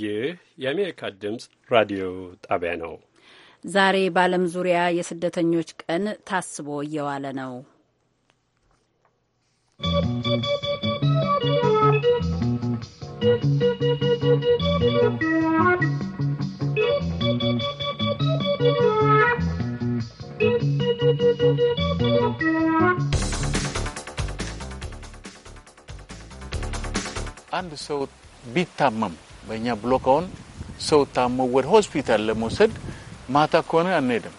ይህ የአሜሪካ ድምፅ ራዲዮ ጣቢያ ነው። ዛሬ በዓለም ዙሪያ የስደተኞች ቀን ታስቦ እየዋለ ነው። አንድ ሰው ቢታመም በእኛ ብሎክ አሁን ሰው ታሞ ወደ ሆስፒታል ለመውሰድ ማታ ከሆነ አንሄድም።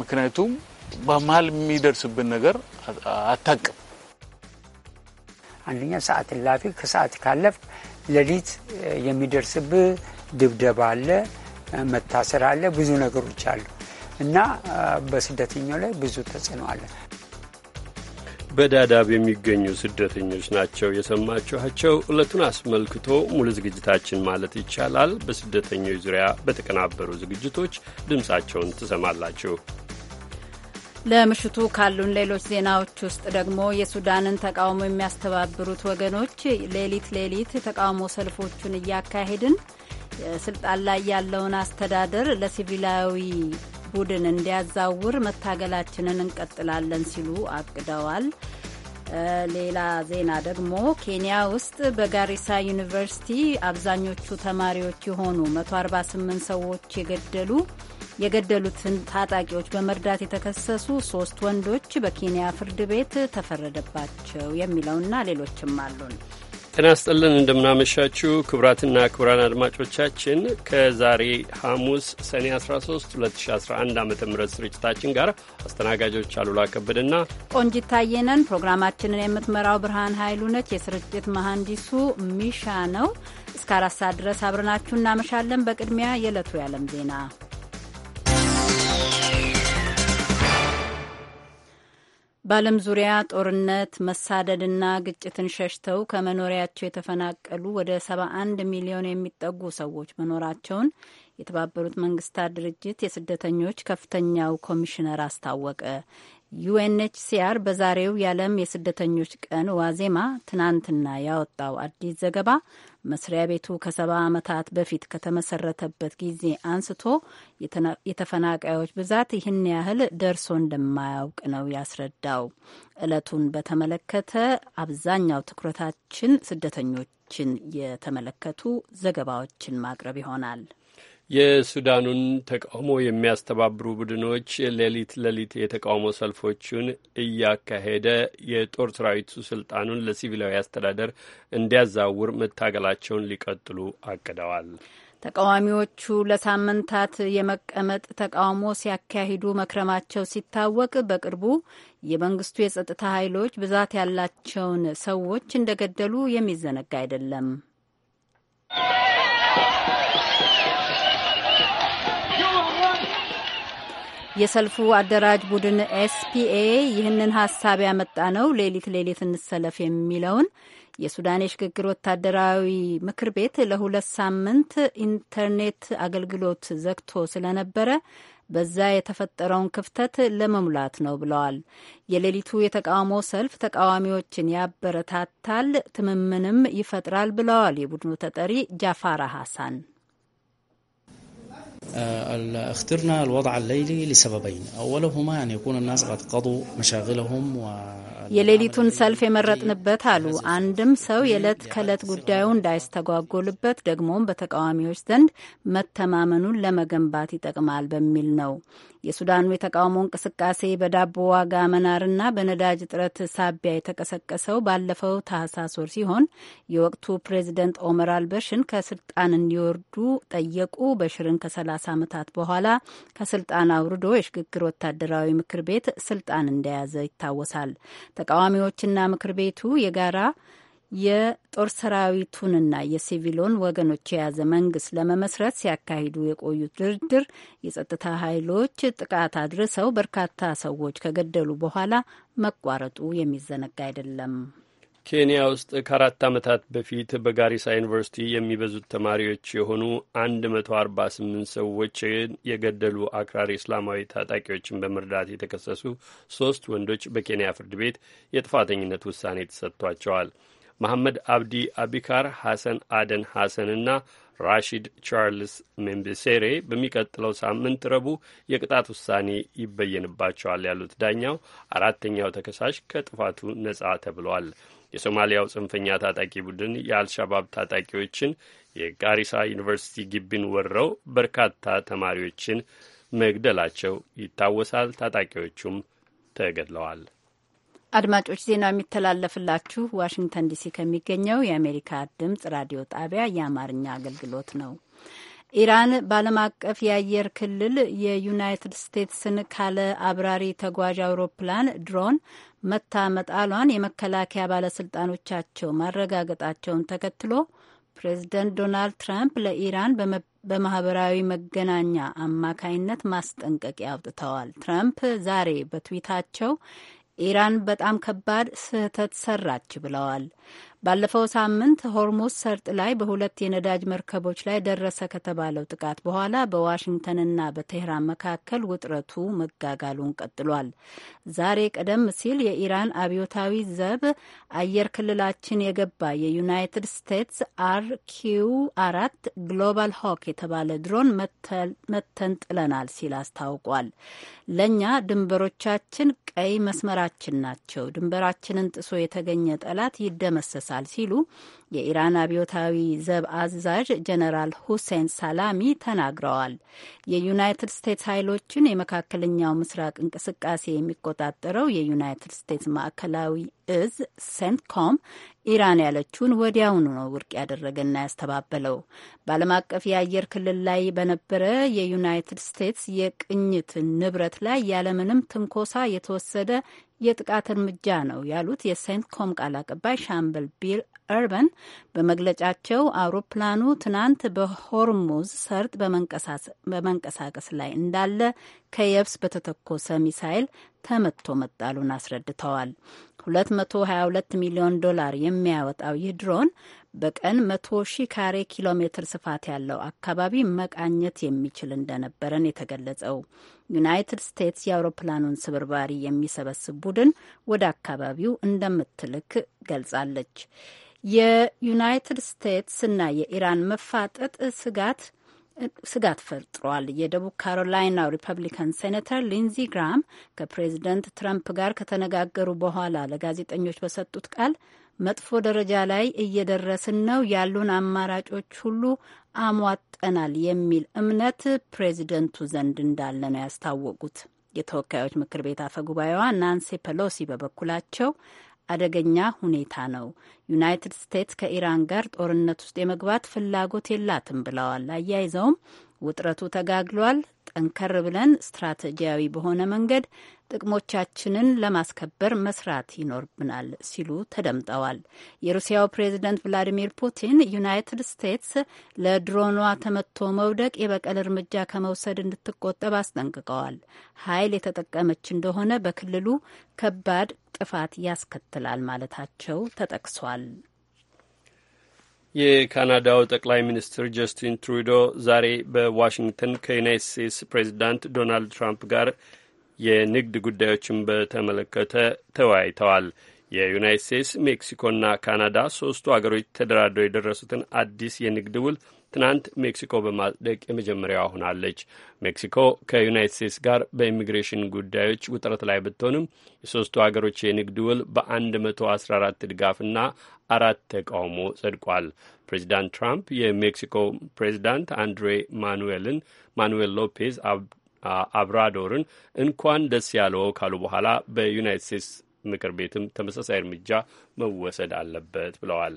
ምክንያቱም በመሀል የሚደርስብን ነገር አታቅም። አንደኛ ሰዓት እላፊ፣ ከሰዓት ካለፍ ሌሊት የሚደርስብህ ድብደባ አለ፣ መታሰር አለ፣ ብዙ ነገሮች አሉ እና በስደተኛው ላይ ብዙ ተጽዕኖ አለ። በዳዳብ የሚገኙ ስደተኞች ናቸው የሰማችኋቸው። ዕለቱን አስመልክቶ ሙሉ ዝግጅታችን ማለት ይቻላል በስደተኞች ዙሪያ በተቀናበሩ ዝግጅቶች ድምፃቸውን ትሰማላችሁ። ለምሽቱ ካሉን ሌሎች ዜናዎች ውስጥ ደግሞ የሱዳንን ተቃውሞ የሚያስተባብሩት ወገኖች ሌሊት ሌሊት ተቃውሞ ሰልፎቹን እያካሄድን ስልጣን ላይ ያለውን አስተዳደር ለሲቪላዊ ቡድን እንዲያዛውር መታገላችንን እንቀጥላለን ሲሉ አቅደዋል። ሌላ ዜና ደግሞ ኬንያ ውስጥ በጋሪሳ ዩኒቨርሲቲ አብዛኞቹ ተማሪዎች የሆኑ 148 ሰዎች የገደሉ የገደሉትን ታጣቂዎች በመርዳት የተከሰሱ ሶስት ወንዶች በኬንያ ፍርድ ቤት ተፈረደባቸው የሚለውና ሌሎችም አሉን። ጤና ይስጥልን እንደምናመሻችሁ ክቡራትና ክቡራን አድማጮቻችን ከዛሬ ሐሙስ ሰኔ 13 2011 ዓ ም ስርጭታችን ጋር አስተናጋጆች አሉላ ከበደና ቆንጂት ታየነን ፕሮግራማችንን የምትመራው ብርሃን ኃይሉ ነች። የስርጭት መሐንዲሱ ሚሻ ነው። እስከ አራት ሰዓት ድረስ አብረናችሁ እናመሻለን። በቅድሚያ የዕለቱ የዓለም ዜና በዓለም ዙሪያ ጦርነት መሳደድና ግጭትን ሸሽተው ከመኖሪያቸው የተፈናቀሉ ወደ 71 ሚሊዮን የሚጠጉ ሰዎች መኖራቸውን የተባበሩት መንግስታት ድርጅት የስደተኞች ከፍተኛው ኮሚሽነር አስታወቀ። ዩኤንኤችሲአር በዛሬው የዓለም የስደተኞች ቀን ዋዜማ ትናንትና ያወጣው አዲስ ዘገባ መስሪያ ቤቱ ከሰባ ዓመታት በፊት ከተመሰረተበት ጊዜ አንስቶ የተፈናቃዮች ብዛት ይህን ያህል ደርሶ እንደማያውቅ ነው ያስረዳው። ዕለቱን በተመለከተ አብዛኛው ትኩረታችን ስደተኞችን የተመለከቱ ዘገባዎችን ማቅረብ ይሆናል። የሱዳኑን ተቃውሞ የሚያስተባብሩ ቡድኖች ሌሊት ሌሊት የተቃውሞ ሰልፎቹን እያካሄደ የጦር ሰራዊቱ ስልጣኑን ለሲቪላዊ አስተዳደር እንዲያዛውር መታገላቸውን ሊቀጥሉ አቅደዋል። ተቃዋሚዎቹ ለሳምንታት የመቀመጥ ተቃውሞ ሲያካሂዱ መክረማቸው ሲታወቅ በቅርቡ የመንግስቱ የጸጥታ ኃይሎች ብዛት ያላቸውን ሰዎች እንደገደሉ የሚዘነጋ አይደለም። የሰልፉ አደራጅ ቡድን ኤስፒኤ ይህንን ሀሳብ ያመጣ ነው ሌሊት ሌሊት እንሰለፍ የሚለውን የሱዳን የሽግግር ወታደራዊ ምክር ቤት ለሁለት ሳምንት ኢንተርኔት አገልግሎት ዘግቶ ስለነበረ በዛ የተፈጠረውን ክፍተት ለመሙላት ነው ብለዋል። የሌሊቱ የተቃውሞ ሰልፍ ተቃዋሚዎችን ያበረታታል፣ ትምምንም ይፈጥራል ብለዋል የቡድኑ ተጠሪ ጃፋራ ሀሳን። اخترنا الوضع الليلي لسببين أولهما أن يكون الناس قد قضوا مشاغلهم و የሌሊቱን ሰልፍ የመረጥንበት አሉ። አንድም ሰው የዕለት ከዕለት ጉዳዩ እንዳይስተጓጎልበት ደግሞም በተቃዋሚዎች ዘንድ መተማመኑን ለመገንባት ይጠቅማል በሚል ነው። የሱዳኑ የተቃውሞ እንቅስቃሴ በዳቦ ዋጋ መናርና በነዳጅ እጥረት ሳቢያ የተቀሰቀሰው ባለፈው ታህሳስ ወር ሲሆን የወቅቱ ፕሬዚደንት ኦመር አልበሽን ከስልጣን እንዲወርዱ ጠየቁ። በሽርን ከሰላሳ ዓመታት በኋላ ከስልጣን አውርዶ የሽግግር ወታደራዊ ምክር ቤት ስልጣን እንደያዘ ይታወሳል። ተቃዋሚዎችና ምክር ቤቱ የጋራ የጦር ሰራዊቱንና የሲቪሉን ወገኖች የያዘ መንግስት ለመመስረት ሲያካሂዱ የቆዩት ድርድር የጸጥታ ኃይሎች ጥቃት አድርሰው በርካታ ሰዎች ከገደሉ በኋላ መቋረጡ የሚዘነጋ አይደለም። ኬንያ ውስጥ ከአራት ዓመታት በፊት በጋሪሳ ዩኒቨርሲቲ የሚበዙት ተማሪዎች የሆኑ 148 ሰዎች የገደሉ አክራሪ እስላማዊ ታጣቂዎችን በመርዳት የተከሰሱ ሶስት ወንዶች በኬንያ ፍርድ ቤት የጥፋተኝነት ውሳኔ ተሰጥቷቸዋል። መሐመድ አብዲ አቢካር ሐሰን አደን ሐሰንና ራሺድ ቻርልስ ሜምቤሴሬ በሚቀጥለው ሳምንት ረቡዕ የቅጣት ውሳኔ ይበየንባቸዋል ያሉት ዳኛው አራተኛው ተከሳሽ ከጥፋቱ ነጻ ተብለዋል። የሶማሊያው ጽንፈኛ ታጣቂ ቡድን የአልሻባብ ታጣቂዎችን የጋሪሳ ዩኒቨርሲቲ ግቢን ወረው በርካታ ተማሪዎችን መግደላቸው ይታወሳል። ታጣቂዎቹም ተገድለዋል። አድማጮች ዜናው የሚተላለፍላችሁ ዋሽንግተን ዲሲ ከሚገኘው የአሜሪካ ድምጽ ራዲዮ ጣቢያ የአማርኛ አገልግሎት ነው። ኢራን በዓለም አቀፍ የአየር ክልል የዩናይትድ ስቴትስን ካለ አብራሪ ተጓዥ አውሮፕላን ድሮን መታ መጣሏን የመከላከያ ባለስልጣኖቻቸው ማረጋገጣቸውን ተከትሎ ፕሬዚደንት ዶናልድ ትራምፕ ለኢራን በማህበራዊ መገናኛ አማካይነት ማስጠንቀቂያ አውጥተዋል። ትራምፕ ዛሬ በትዊታቸው ኢራን በጣም ከባድ ስህተት ሰራች ብለዋል። ባለፈው ሳምንት ሆርሙዝ ሰርጥ ላይ በሁለት የነዳጅ መርከቦች ላይ ደረሰ ከተባለው ጥቃት በኋላ በዋሽንግተንና በቴህራን መካከል ውጥረቱ መጋጋሉን ቀጥሏል። ዛሬ ቀደም ሲል የኢራን አብዮታዊ ዘብ አየር ክልላችን የገባ የዩናይትድ ስቴትስ አር ኪው አራት ግሎባል ሆክ የተባለ ድሮን መተንጥለናል ሲል አስታውቋል። ለእኛ ድንበሮቻችን ቀይ መስመራችን ናቸው። ድንበራችንን ጥሶ የተገኘ ጠላት ይደመሰሳል ይደርሳል ሲሉ የኢራን አብዮታዊ ዘብ አዛዥ ጀነራል ሁሴን ሳላሚ ተናግረዋል። የዩናይትድ ስቴትስ ኃይሎችን የመካከለኛው ምስራቅ እንቅስቃሴ የሚቆጣጠረው የዩናይትድ ስቴትስ ማዕከላዊ እዝ ሴንትኮም ኢራን ያለችውን ወዲያውኑ ነው ውድቅ ያደረገና ያስተባበለው። በዓለም አቀፍ የአየር ክልል ላይ በነበረ የዩናይትድ ስቴትስ የቅኝት ንብረት ላይ ያለምንም ትንኮሳ የተወሰደ የጥቃት እርምጃ ነው ያሉት የሴንትኮም ኮም ቃል አቀባይ ሻምበል ቢል እርበን በመግለጫቸው አውሮፕላኑ ትናንት በሆርሙዝ ሰርጥ በመንቀሳቀስ ላይ እንዳለ ከየብስ በተተኮሰ ሚሳይል ተመቶ መጣሉን አስረድተዋል። 222 ሚሊዮን ዶላር የሚያወጣው ይህ ድሮን በቀን መቶ ሺ ካሬ ኪሎ ሜትር ስፋት ያለው አካባቢ መቃኘት የሚችል እንደነበረን የተገለጸው ዩናይትድ ስቴትስ የአውሮፕላኑን ስብርባሪ የሚሰበስብ ቡድን ወደ አካባቢው እንደምትልክ ገልጻለች። የዩናይትድ ስቴትስ እና የኢራን መፋጠጥ ስጋት ስጋት ፈጥሯል። የደቡብ ካሮላይናው ሪፐብሊካን ሴኔተር ሊንዚ ግራም ከፕሬዚደንት ትራምፕ ጋር ከተነጋገሩ በኋላ ለጋዜጠኞች በሰጡት ቃል መጥፎ ደረጃ ላይ እየደረስን ነው፣ ያሉን አማራጮች ሁሉ አሟጠናል የሚል እምነት ፕሬዚደንቱ ዘንድ እንዳለ ነው ያስታወቁት። የተወካዮች ምክር ቤት አፈ ጉባኤዋ ናንሲ ፐሎሲ በበኩላቸው አደገኛ ሁኔታ ነው። ዩናይትድ ስቴትስ ከኢራን ጋር ጦርነት ውስጥ የመግባት ፍላጎት የላትም ብለዋል። አያይዘውም ውጥረቱ ተጋግሏል፣ ጠንከር ብለን ስትራቴጂያዊ በሆነ መንገድ ጥቅሞቻችንን ለማስከበር መስራት ይኖርብናል ሲሉ ተደምጠዋል። የሩሲያው ፕሬዝደንት ቭላዲሚር ፑቲን ዩናይትድ ስቴትስ ለድሮኗ ተመቶ መውደቅ የበቀል እርምጃ ከመውሰድ እንድትቆጠብ አስጠንቅቀዋል። ኃይል የተጠቀመች እንደሆነ በክልሉ ከባድ ጥፋት ያስከትላል ማለታቸው ተጠቅሷል። የካናዳው ጠቅላይ ሚኒስትር ጀስቲን ትሩዶ ዛሬ በዋሽንግተን ከዩናይት ስቴትስ ፕሬዚዳንት ዶናልድ ትራምፕ ጋር የንግድ ጉዳዮችን በተመለከተ ተወያይተዋል። የዩናይት ስቴትስ ሜክሲኮና ካናዳ ሶስቱ አገሮች ተደራድረው የደረሱትን አዲስ የንግድ ውል ትናንት ሜክሲኮ በማጽደቅ የመጀመሪያዋ ሆናለች። ሜክሲኮ ከዩናይት ስቴትስ ጋር በኢሚግሬሽን ጉዳዮች ውጥረት ላይ ብትሆንም የሶስቱ አገሮች የንግድ ውል በ114 ድጋፍና አራት ተቃውሞ ጸድቋል። ፕሬዚዳንት ትራምፕ የሜክሲኮ ፕሬዚዳንት አንድሬ ማኑዌልን ማኑዌል ሎፔዝ አብራዶርን እንኳን ደስ ያለው ካሉ በኋላ በዩናይት ስቴትስ ምክር ቤትም ተመሳሳይ እርምጃ መወሰድ አለበት ብለዋል።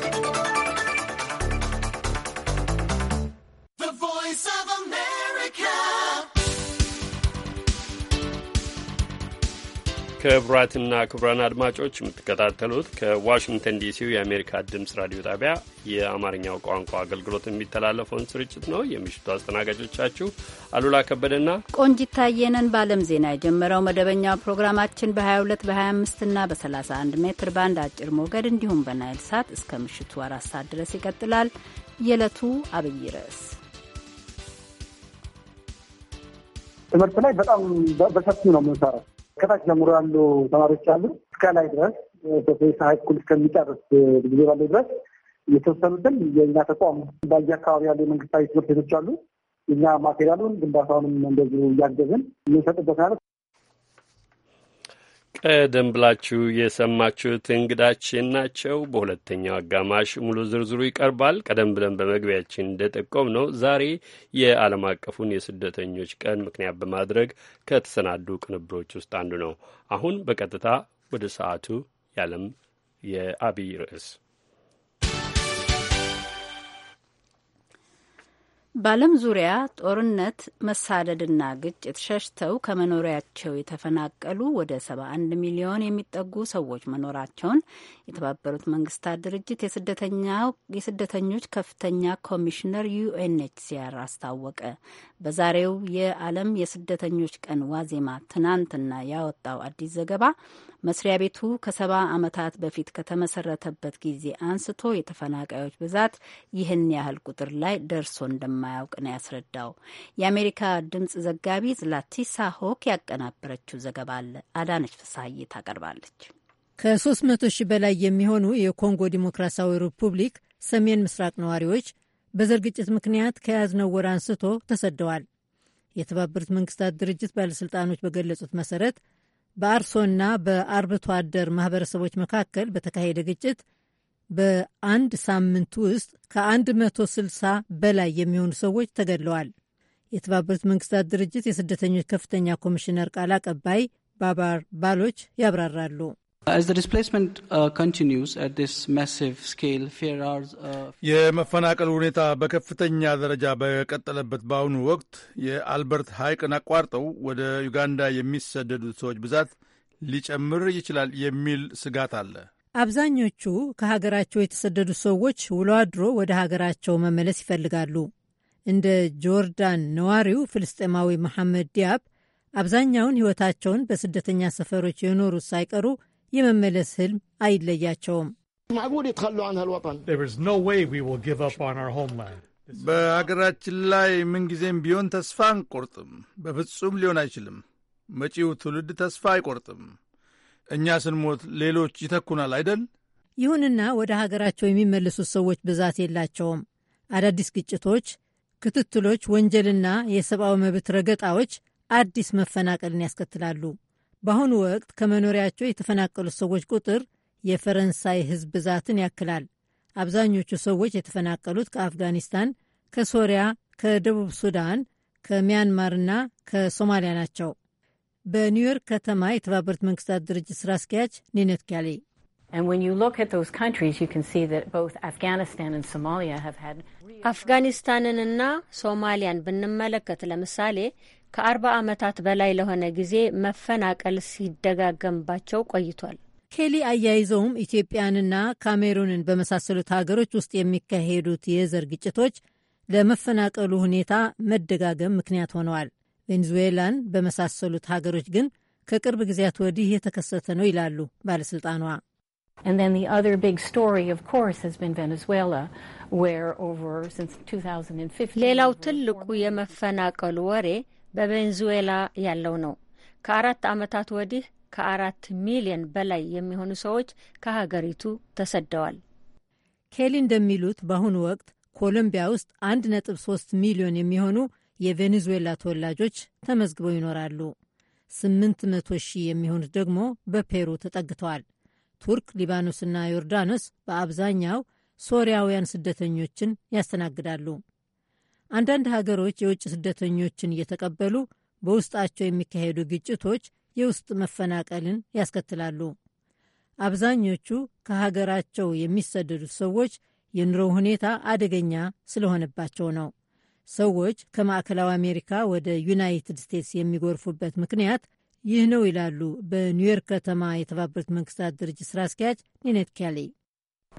ክቡራትና ክቡራን አድማጮች የምትከታተሉት ከዋሽንግተን ዲሲው የአሜሪካ ድምፅ ራዲዮ ጣቢያ የአማርኛው ቋንቋ አገልግሎት የሚተላለፈውን ስርጭት ነው። የምሽቱ አስተናጋጆቻችሁ አሉላ ከበደና ቆንጂት ታየ በዓለም ዜና የጀመረው መደበኛው ፕሮግራማችን በ22 25 እና በ31 ሜትር ባንድ አጭር ሞገድ እንዲሁም በናይል ሳት እስከ ምሽቱ አራት ሰዓት ድረስ ይቀጥላል። የዕለቱ አብይ ርዕስ ትምህርት ላይ በጣም በሰፊው ነው የምንሰራው ከታች ጀምሮ ያሉ ተማሪዎች አሉ እስከ ላይ ድረስ ፕሮፌሽን ሀይስኩል እስከሚጨርስ ጊዜ ባለው ድረስ የተወሰኑትን የእኛ ተቋም በየ አካባቢ ያሉ የመንግስታዊ ትምህርት ቤቶች አሉ። እኛ ማቴሪያሉን ግንባታውንም እንደዚሁ እያገዝን የምንሰጥበት ማለት ቀደም ብላችሁ የሰማችሁት እንግዳችን ናቸው። በሁለተኛው አጋማሽ ሙሉ ዝርዝሩ ይቀርባል። ቀደም ብለን በመግቢያችን እንደጠቆም ነው ዛሬ የዓለም አቀፉን የስደተኞች ቀን ምክንያት በማድረግ ከተሰናዱ ቅንብሮች ውስጥ አንዱ ነው። አሁን በቀጥታ ወደ ሰዓቱ የዓለም የአብይ ርዕስ በዓለም ዙሪያ ጦርነት፣ መሳደድና ግጭት ሸሽተው ከመኖሪያቸው የተፈናቀሉ ወደ 71 ሚሊዮን የሚጠጉ ሰዎች መኖራቸውን የተባበሩት መንግስታት ድርጅት የስደተኞች ከፍተኛ ኮሚሽነር ዩኤንኤችሲአር አስታወቀ። በዛሬው የዓለም የስደተኞች ቀን ዋዜማ ትናንትና ያወጣው አዲስ ዘገባ መስሪያ ቤቱ ከሰባ ዓመታት በፊት ከተመሰረተበት ጊዜ አንስቶ የተፈናቃዮች ብዛት ይህን ያህል ቁጥር ላይ ደርሶ እንደማያውቅ ነው ያስረዳው። የአሜሪካ ድምፅ ዘጋቢ ዝላቲሳ ሆክ ያቀናበረችው ዘገባ አለ። አዳነች ፍሳይ ታቀርባለች። ከ300 ሺህ በላይ የሚሆኑ የኮንጎ ዲሞክራሲያዊ ሪፑብሊክ ሰሜን ምስራቅ ነዋሪዎች በዘር ግጭት ምክንያት ከያዝነው ወር አንስቶ ተሰደዋል። የተባበሩት መንግስታት ድርጅት ባለሥልጣኖች በገለጹት መሰረት በአርሶና በአርብቶ አደር ማህበረሰቦች መካከል በተካሄደ ግጭት በአንድ ሳምንት ውስጥ ከ160 በላይ የሚሆኑ ሰዎች ተገድለዋል። የተባበሩት መንግስታት ድርጅት የስደተኞች ከፍተኛ ኮሚሽነር ቃል አቀባይ ባባር ባሎች ያብራራሉ። Uh, uh, የመፈናቀል ሁኔታ በከፍተኛ ደረጃ በቀጠለበት በአሁኑ ወቅት የአልበርት ሐይቅን አቋርጠው ወደ ዩጋንዳ የሚሰደዱት ሰዎች ብዛት ሊጨምር ይችላል የሚል ስጋት አለ። አብዛኞቹ ከሀገራቸው የተሰደዱ ሰዎች ውሎ አድሮ ወደ ሀገራቸው መመለስ ይፈልጋሉ። እንደ ጆርዳን ነዋሪው ፍልስጤማዊ መሐመድ ዲያብ አብዛኛውን ሕይወታቸውን በስደተኛ ሰፈሮች የኖሩት ሳይቀሩ የመመለስ ህልም አይለያቸውም። በሀገራችን ላይ ምንጊዜም ቢሆን ተስፋ አንቆርጥም። በፍጹም ሊሆን አይችልም። መጪው ትውልድ ተስፋ አይቆርጥም። እኛ ስንሞት ሌሎች ይተኩናል አይደል? ይሁንና ወደ ሀገራቸው የሚመለሱት ሰዎች ብዛት የላቸውም። አዳዲስ ግጭቶች፣ ክትትሎች፣ ወንጀልና የሰብአዊ መብት ረገጣዎች አዲስ መፈናቀልን ያስከትላሉ። በአሁኑ ወቅት ከመኖሪያቸው የተፈናቀሉት ሰዎች ቁጥር የፈረንሳይ ሕዝብ ብዛትን ያክላል። አብዛኞቹ ሰዎች የተፈናቀሉት ከአፍጋኒስታን፣ ከሶሪያ፣ ከደቡብ ሱዳን፣ ከሚያንማርና ከሶማሊያ ናቸው። በኒውዮርክ ከተማ የተባበሩት መንግስታት ድርጅት ስራ አስኪያጅ ኒነት ኪያሌ አፍጋኒስታንንና ሶማሊያን ብንመለከት ለምሳሌ ከአርባ ዓመታት በላይ ለሆነ ጊዜ መፈናቀል ሲደጋገምባቸው ቆይቷል። ኬሊ አያይዘውም ኢትዮጵያንና ካሜሩንን በመሳሰሉት ሀገሮች ውስጥ የሚካሄዱት የዘር ግጭቶች ለመፈናቀሉ ሁኔታ መደጋገም ምክንያት ሆነዋል። ቬንዙዌላን በመሳሰሉት ሀገሮች ግን ከቅርብ ጊዜያት ወዲህ የተከሰተ ነው ይላሉ ባለሥልጣኗ። ሌላው ትልቁ የመፈናቀሉ ወሬ በቬንዙዌላ ያለው ነው። ከአራት ዓመታት ወዲህ ከአራት ሚሊዮን በላይ የሚሆኑ ሰዎች ከሀገሪቱ ተሰደዋል። ኬሊ እንደሚሉት በአሁኑ ወቅት ኮሎምቢያ ውስጥ ሶስት ሚሊዮን የሚሆኑ የቬኔዙዌላ ተወላጆች ተመዝግበው ይኖራሉ። መቶ ሺህ የሚሆኑት ደግሞ በፔሩ ተጠግተዋል። ቱርክ፣ ሊባኖስና ዮርዳኖስ በአብዛኛው ሶሪያውያን ስደተኞችን ያስተናግዳሉ። አንዳንድ ሀገሮች የውጭ ስደተኞችን እየተቀበሉ በውስጣቸው የሚካሄዱ ግጭቶች የውስጥ መፈናቀልን ያስከትላሉ። አብዛኞቹ ከሀገራቸው የሚሰደዱት ሰዎች የኑሮ ሁኔታ አደገኛ ስለሆነባቸው ነው። ሰዎች ከማዕከላዊ አሜሪካ ወደ ዩናይትድ ስቴትስ የሚጎርፉበት ምክንያት ይህ ነው ይላሉ በኒውዮርክ ከተማ የተባበሩት መንግስታት ድርጅት ስራ አስኪያጅ ኒኔት ኬሊ።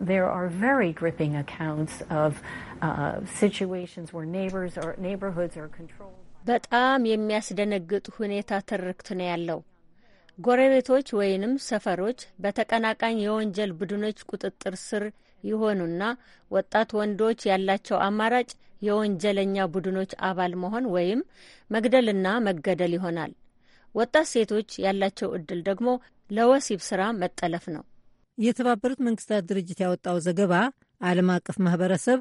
There are very gripping accounts of uh, situations where neighbors or neighborhoods are controlled. በጣም የሚያስደነግጥ ሁኔታ ትርክት ነው ያለው። ጎረቤቶች ወይንም ሰፈሮች በተቀናቃኝ የወንጀል ቡድኖች ቁጥጥር ስር ይሆኑና ወጣት ወንዶች ያላቸው አማራጭ የወንጀለኛ ቡድኖች አባል መሆን ወይም መግደልና መገደል ይሆናል። ወጣት ሴቶች ያላቸው እድል ደግሞ ለወሲብ ስራ መጠለፍ ነው። የተባበሩት መንግስታት ድርጅት ያወጣው ዘገባ ዓለም አቀፍ ማህበረሰብ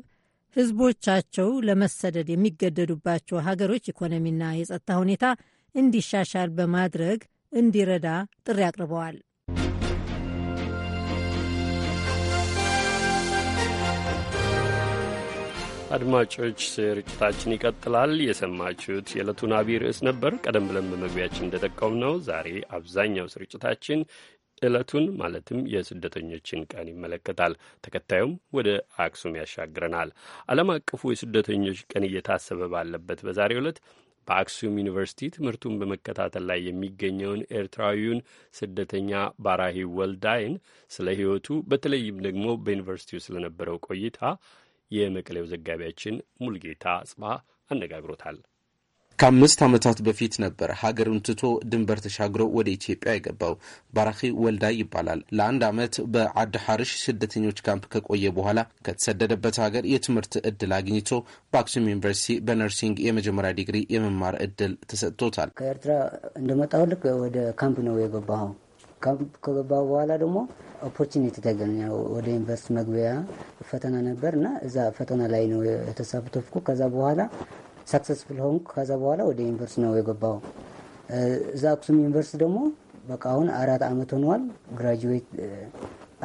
ህዝቦቻቸው ለመሰደድ የሚገደዱባቸው ሀገሮች ኢኮኖሚና የጸጥታ ሁኔታ እንዲሻሻል በማድረግ እንዲረዳ ጥሪ አቅርበዋል። አድማጮች ስርጭታችን ይቀጥላል። የሰማችሁት የዕለቱን አቢይ ርዕስ ነበር። ቀደም ብለን በመግቢያችን እንደጠቀሙ ነው ዛሬ አብዛኛው ስርጭታችን ዕለቱን ማለትም የስደተኞችን ቀን ይመለከታል። ተከታዩም ወደ አክሱም ያሻግረናል። ዓለም አቀፉ የስደተኞች ቀን እየታሰበ ባለበት በዛሬው ዕለት በአክሱም ዩኒቨርሲቲ ትምህርቱን በመከታተል ላይ የሚገኘውን ኤርትራዊውን ስደተኛ ባራሂ ወልዳይን ስለ ሕይወቱ በተለይም ደግሞ በዩኒቨርሲቲው ስለነበረው ቆይታ የመቀሌው ዘጋቢያችን ሙልጌታ ጽባ አነጋግሮታል። ከአምስት ዓመታት በፊት ነበር ሀገሩን ትቶ ድንበር ተሻግሮ ወደ ኢትዮጵያ የገባው። ባራኺ ወልዳ ይባላል። ለአንድ ዓመት በአድ ሐርሽ ስደተኞች ካምፕ ከቆየ በኋላ ከተሰደደበት ሀገር የትምህርት እድል አግኝቶ በአክሱም ዩኒቨርሲቲ በነርሲንግ የመጀመሪያ ዲግሪ የመማር እድል ተሰጥቶታል። ከኤርትራ እንደመጣሁ ልክ ወደ ካምፕ ነው የገባው ካምፕ ከገባሁ በኋላ ደግሞ ኦፖርቹኒቲ ተገኘ። ወደ ዩኒቨርስቲ መግቢያ ፈተና ነበር እና እዛ ፈተና ላይ ነው የተሳተፍኩ። ከዛ በኋላ ሰክሰስፉል ሆንኩ። ከዛ በኋላ ወደ ዩኒቨርሲቲ ነው የገባው። እዛ አክሱም ዩኒቨርስቲ ደግሞ በቃ አሁን አራት ዓመት ሆኗል። ግራጁዌት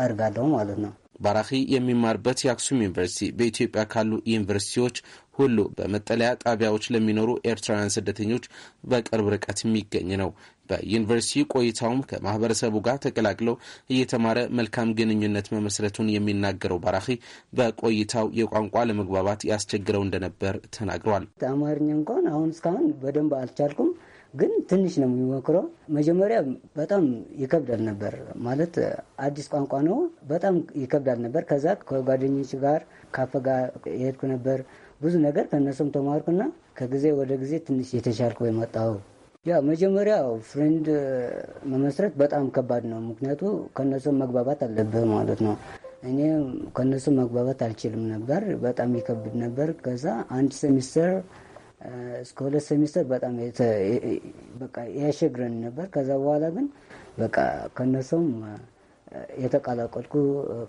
አድርጋለሁ ማለት ነው። ባራኺ የሚማርበት የአክሱም ዩኒቨርሲቲ በኢትዮጵያ ካሉ ዩኒቨርሲቲዎች ሁሉ በመጠለያ ጣቢያዎች ለሚኖሩ ኤርትራውያን ስደተኞች በቅርብ ርቀት የሚገኝ ነው። በዩኒቨርሲቲ ቆይታውም ከማህበረሰቡ ጋር ተቀላቅሎ እየተማረ መልካም ግንኙነት መመስረቱን የሚናገረው ባራኺ በቆይታው የቋንቋ ለመግባባት ያስቸግረው እንደነበር ተናግሯል። አማርኛ እንኳን አሁን እስካሁን በደንብ አልቻልኩም፣ ግን ትንሽ ነው የሚሞክረው። መጀመሪያ በጣም ይከብዳል ነበር ማለት አዲስ ቋንቋ ነው፣ በጣም ይከብዳል ነበር። ከዛ ከጓደኞች ጋር ካፈ ጋር የሄድኩ ነበር ብዙ ነገር ከእነሱም ተማርኩና ከጊዜ ወደ ጊዜ ትንሽ የተሻልኩ የመጣው ያ መጀመሪያው ፍሬንድ መመስረት በጣም ከባድ ነው። ምክንያቱ ከነሱ መግባባት አለብህ ማለት ነው። እኔ ከነሱ መግባባት አልችልም ነበር፣ በጣም ይከብድ ነበር። ከዛ አንድ ሴሚስተር እስከ ሁለት ሴሚስተር በጣም በቃ ያሸግረን ነበር። ከዛ በኋላ ግን በቃ ከነሱም የተቀላቀልኩ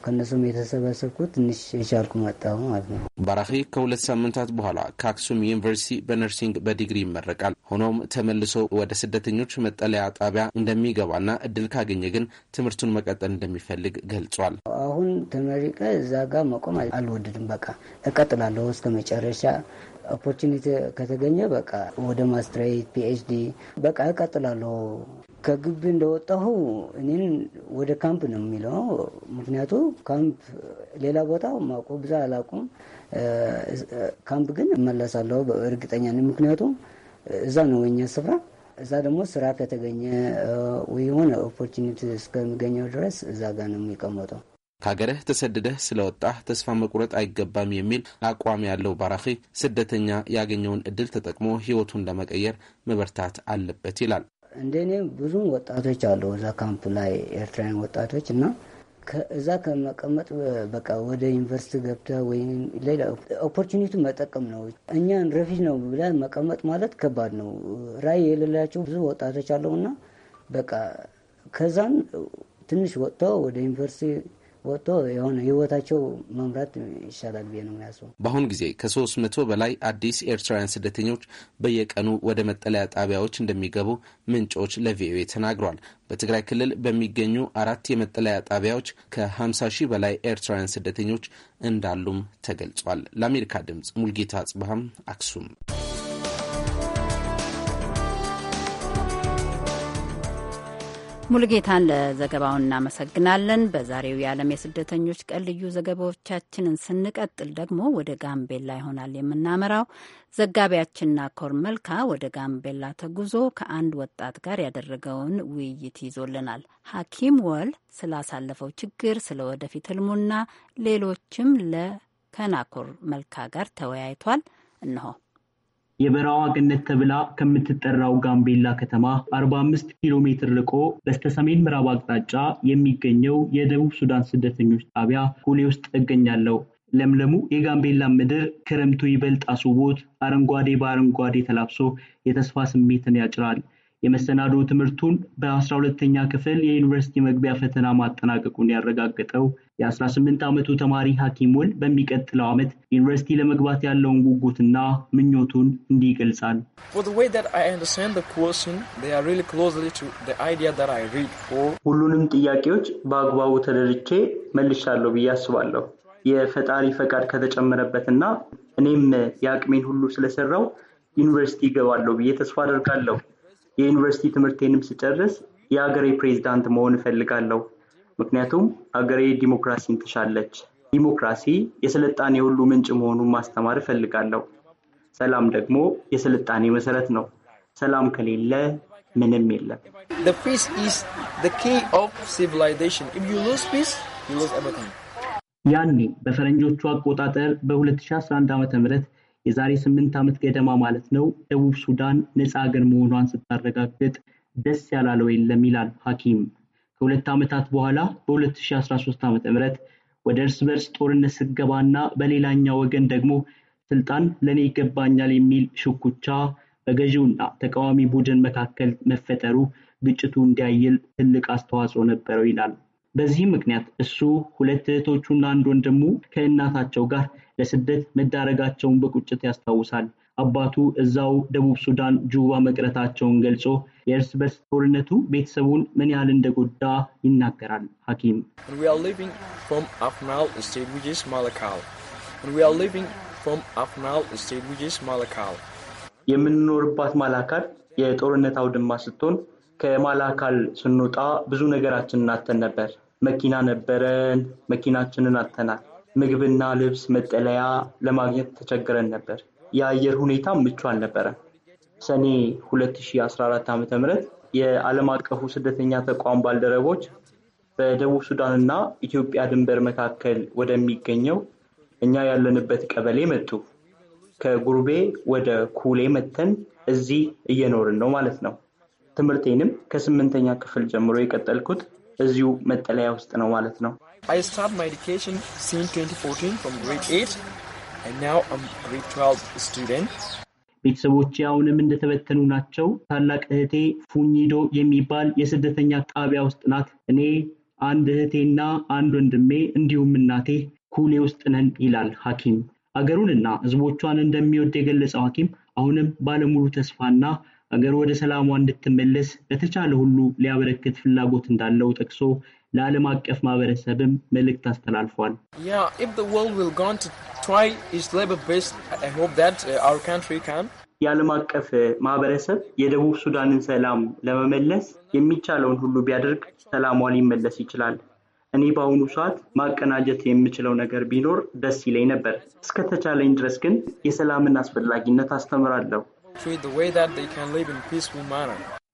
ከነሱም የተሰበሰብኩ ትንሽ የቻልኩ መጣሁ ማለት ነው። ባራኺ ከሁለት ሳምንታት በኋላ ከአክሱም ዩኒቨርሲቲ በነርሲንግ በዲግሪ ይመረቃል። ሆኖም ተመልሶ ወደ ስደተኞች መጠለያ ጣቢያ እንደሚገባና እድል ካገኘ ግን ትምህርቱን መቀጠል እንደሚፈልግ ገልጿል። አሁን ተመሪቀ እዛ ጋር መቆም አልወደድም። በቃ እቀጥላለሁ እስከ መጨረሻ ኦፖርቹኒቲ ከተገኘ በቃ ወደ ማስትሬት ፒኤችዲ በቃ እቀጥላለሁ። ከግቢ እንደወጣሁ እኔን ወደ ካምፕ ነው የሚለው። ምክንያቱ ካምፕ ሌላ ቦታ ማቁ ብዛ አላቁም። ካምፕ ግን እመለሳለሁ እርግጠኛ ነኝ። ምክንያቱም እዛ ነው የኛ ስፍራ። እዛ ደግሞ ስራ ከተገኘ የሆነ ኦፖርቹኒቲ እስከሚገኘው ድረስ እዛ ጋር ነው የሚቀመጠው። ከሀገርህ ተሰድደህ ስለወጣህ ተስፋ መቁረጥ አይገባም የሚል አቋም ያለው ባራኺ ስደተኛ ያገኘውን እድል ተጠቅሞ ህይወቱን ለመቀየር መበርታት አለበት ይላል። እንደ እኔ ብዙ ወጣቶች አሉ እዛ ካምፕ ላይ ኤርትራውያን ወጣቶች እና እዛ ከመቀመጥ በቃ ወደ ዩኒቨርሲቲ ገብተ ወይም ሌላ ኦፖርቹኒቲ መጠቀም ነው። እኛን ረፊት ነው ብላ መቀመጥ ማለት ከባድ ነው። ራይ የሌላቸው ብዙ ወጣቶች አለው እና በቃ ከዛም ትንሽ ወጥተው ወደ ዩኒቨርሲቲ ወጥቶ የሆነ ህይወታቸው መምራት ይሻላል ብዬ ነው የሚያስበው። በአሁኑ ጊዜ ከሶስት መቶ በላይ አዲስ ኤርትራውያን ስደተኞች በየቀኑ ወደ መጠለያ ጣቢያዎች እንደሚገቡ ምንጮች ለቪኦኤ ተናግሯል። በትግራይ ክልል በሚገኙ አራት የመጠለያ ጣቢያዎች ከ50 ሺህ በላይ ኤርትራውያን ስደተኞች እንዳሉም ተገልጿል። ለአሜሪካ ድምፅ ሙልጌታ አጽባሃም አክሱም ሙልጌታን ለዘገባው እናመሰግናለን። በዛሬው የዓለም የስደተኞች ቀን ልዩ ዘገባዎቻችንን ስንቀጥል ደግሞ ወደ ጋምቤላ ይሆናል የምናመራው። ዘጋቢያችን ናኮር መልካ ወደ ጋምቤላ ተጉዞ ከአንድ ወጣት ጋር ያደረገውን ውይይት ይዞልናል። ሐኪም ወል ስላሳለፈው ችግር፣ ስለ ወደፊት ህልሙና ሌሎችም ለከናኮር መልካ ጋር ተወያይቷል። እንሆ የበረሃዋ ገነት ተብላ ከምትጠራው ጋምቤላ ከተማ 45 ኪሎ ሜትር ርቆ በስተሰሜን ምዕራብ አቅጣጫ የሚገኘው የደቡብ ሱዳን ስደተኞች ጣቢያ ሁሌ ውስጥ እገኛለሁ። ለምለሙ የጋምቤላ ምድር ክረምቱ ይበልጥ አስውቦት አረንጓዴ በአረንጓዴ ተላብሶ የተስፋ ስሜትን ያጭራል። የመሰናዶ ትምህርቱን በ12ኛ ክፍል የዩኒቨርሲቲ መግቢያ ፈተና ማጠናቀቁን ያረጋገጠው የ18 ዓመቱ ተማሪ ሐኪሙን በሚቀጥለው ዓመት ዩኒቨርሲቲ ለመግባት ያለውን ጉጉትና ምኞቱን እንዲህ ይገልጻል። ሁሉንም ጥያቄዎች በአግባቡ ተደርቼ መልሻለሁ ብዬ አስባለሁ። የፈጣሪ ፈቃድ ከተጨመረበትና እኔም የአቅሜን ሁሉ ስለሰራው ዩኒቨርሲቲ ይገባለሁ ብዬ ተስፋ አደርጋለሁ። የዩኒቨርሲቲ ትምህርቴንም ስጨርስ የሀገሬ ፕሬዚዳንት መሆን እፈልጋለሁ። ምክንያቱም አገሬ ዲሞክራሲን ትሻለች። ዲሞክራሲ የስልጣኔ ሁሉ ምንጭ መሆኑን ማስተማር እፈልጋለሁ። ሰላም ደግሞ የስልጣኔ መሰረት ነው። ሰላም ከሌለ ምንም የለም። ያኔ በፈረንጆቹ አቆጣጠር በ2011 ዓ ም የዛሬ ስምንት ዓመት ገደማ ማለት ነው ደቡብ ሱዳን ነፃ ሀገር መሆኗን ስታረጋግጥ ደስ ያላለው የለም ይላል ሐኪም። ከሁለት ዓመታት በኋላ በ2013 ዓ ም ወደ እርስ በርስ ጦርነት ስገባና በሌላኛ ወገን ደግሞ ስልጣን ለእኔ ይገባኛል የሚል ሽኩቻ በገዢውና ተቃዋሚ ቡድን መካከል መፈጠሩ ግጭቱ እንዲያይል ትልቅ አስተዋጽኦ ነበረው ይላል። በዚህም ምክንያት እሱ ሁለት እህቶቹና አንድ ወንድሙ ከእናታቸው ጋር ለስደት መዳረጋቸውን በቁጭት ያስታውሳል። አባቱ እዛው ደቡብ ሱዳን ጁባ መቅረታቸውን ገልጾ የእርስ በርስ ጦርነቱ ቤተሰቡን ምን ያህል እንደጎዳ ይናገራል። ሐኪም የምንኖርባት ማላካል የጦርነት አውድማ ስትሆን ከማላካል ስንወጣ ብዙ ነገራችንን አተን ነበር። መኪና ነበረን፣ መኪናችንን አተናል። ምግብና ልብስ መጠለያ ለማግኘት ተቸግረን ነበር። የአየር ሁኔታ ምቹ አልነበረም። ሰኔ 2014 ዓ ም የዓለም አቀፉ ስደተኛ ተቋም ባልደረቦች በደቡብ ሱዳንና ኢትዮጵያ ድንበር መካከል ወደሚገኘው እኛ ያለንበት ቀበሌ መጡ። ከጉርቤ ወደ ኩሌ መተን እዚህ እየኖርን ነው ማለት ነው። ትምህርቴንም ከስምንተኛ ክፍል ጀምሮ የቀጠልኩት እዚሁ መጠለያ ውስጥ ነው ማለት ነው። ቤተሰቦቼ አሁንም እንደተበተኑ ናቸው። ታላቅ እህቴ ፉኝዶ የሚባል የስደተኛ ጣቢያ ውስጥ ናት። እኔ አንድ እህቴና አንድ ወንድሜ እንዲሁም እናቴ ኩሌ ውስጥ ነን ይላል ሐኪም። አገሩንና ህዝቦቿን እንደሚወድ የገለጸው ሐኪም አሁንም ባለሙሉ ተስፋና አገር ወደ ሰላሟ እንድትመለስ በተቻለ ሁሉ ሊያበረክት ፍላጎት እንዳለው ጠቅሶ ለዓለም አቀፍ ማህበረሰብም መልእክት አስተላልፏል። uh, የዓለም አቀፍ ማህበረሰብ የደቡብ ሱዳንን ሰላም ለመመለስ የሚቻለውን ሁሉ ቢያደርግ ሰላሟ ሊመለስ ይችላል። እኔ በአሁኑ ሰዓት ማቀናጀት የምችለው ነገር ቢኖር ደስ ይለኝ ነበር። እስከተቻለኝ ድረስ ግን የሰላምን አስፈላጊነት አስተምራለሁ።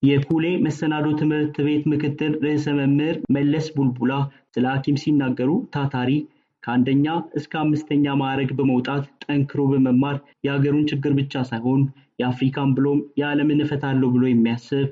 የኩሌ መሰናዶ ትምህርት ቤት ምክትል ርዕሰ መምህር መለስ ቡልቡላ ስለ ሐኪም ሲናገሩ ታታሪ ከአንደኛ እስከ አምስተኛ ማዕረግ በመውጣት ጠንክሮ በመማር የሀገሩን ችግር ብቻ ሳይሆን የአፍሪካን ብሎም የዓለምን እፈታለሁ ብሎ የሚያስብ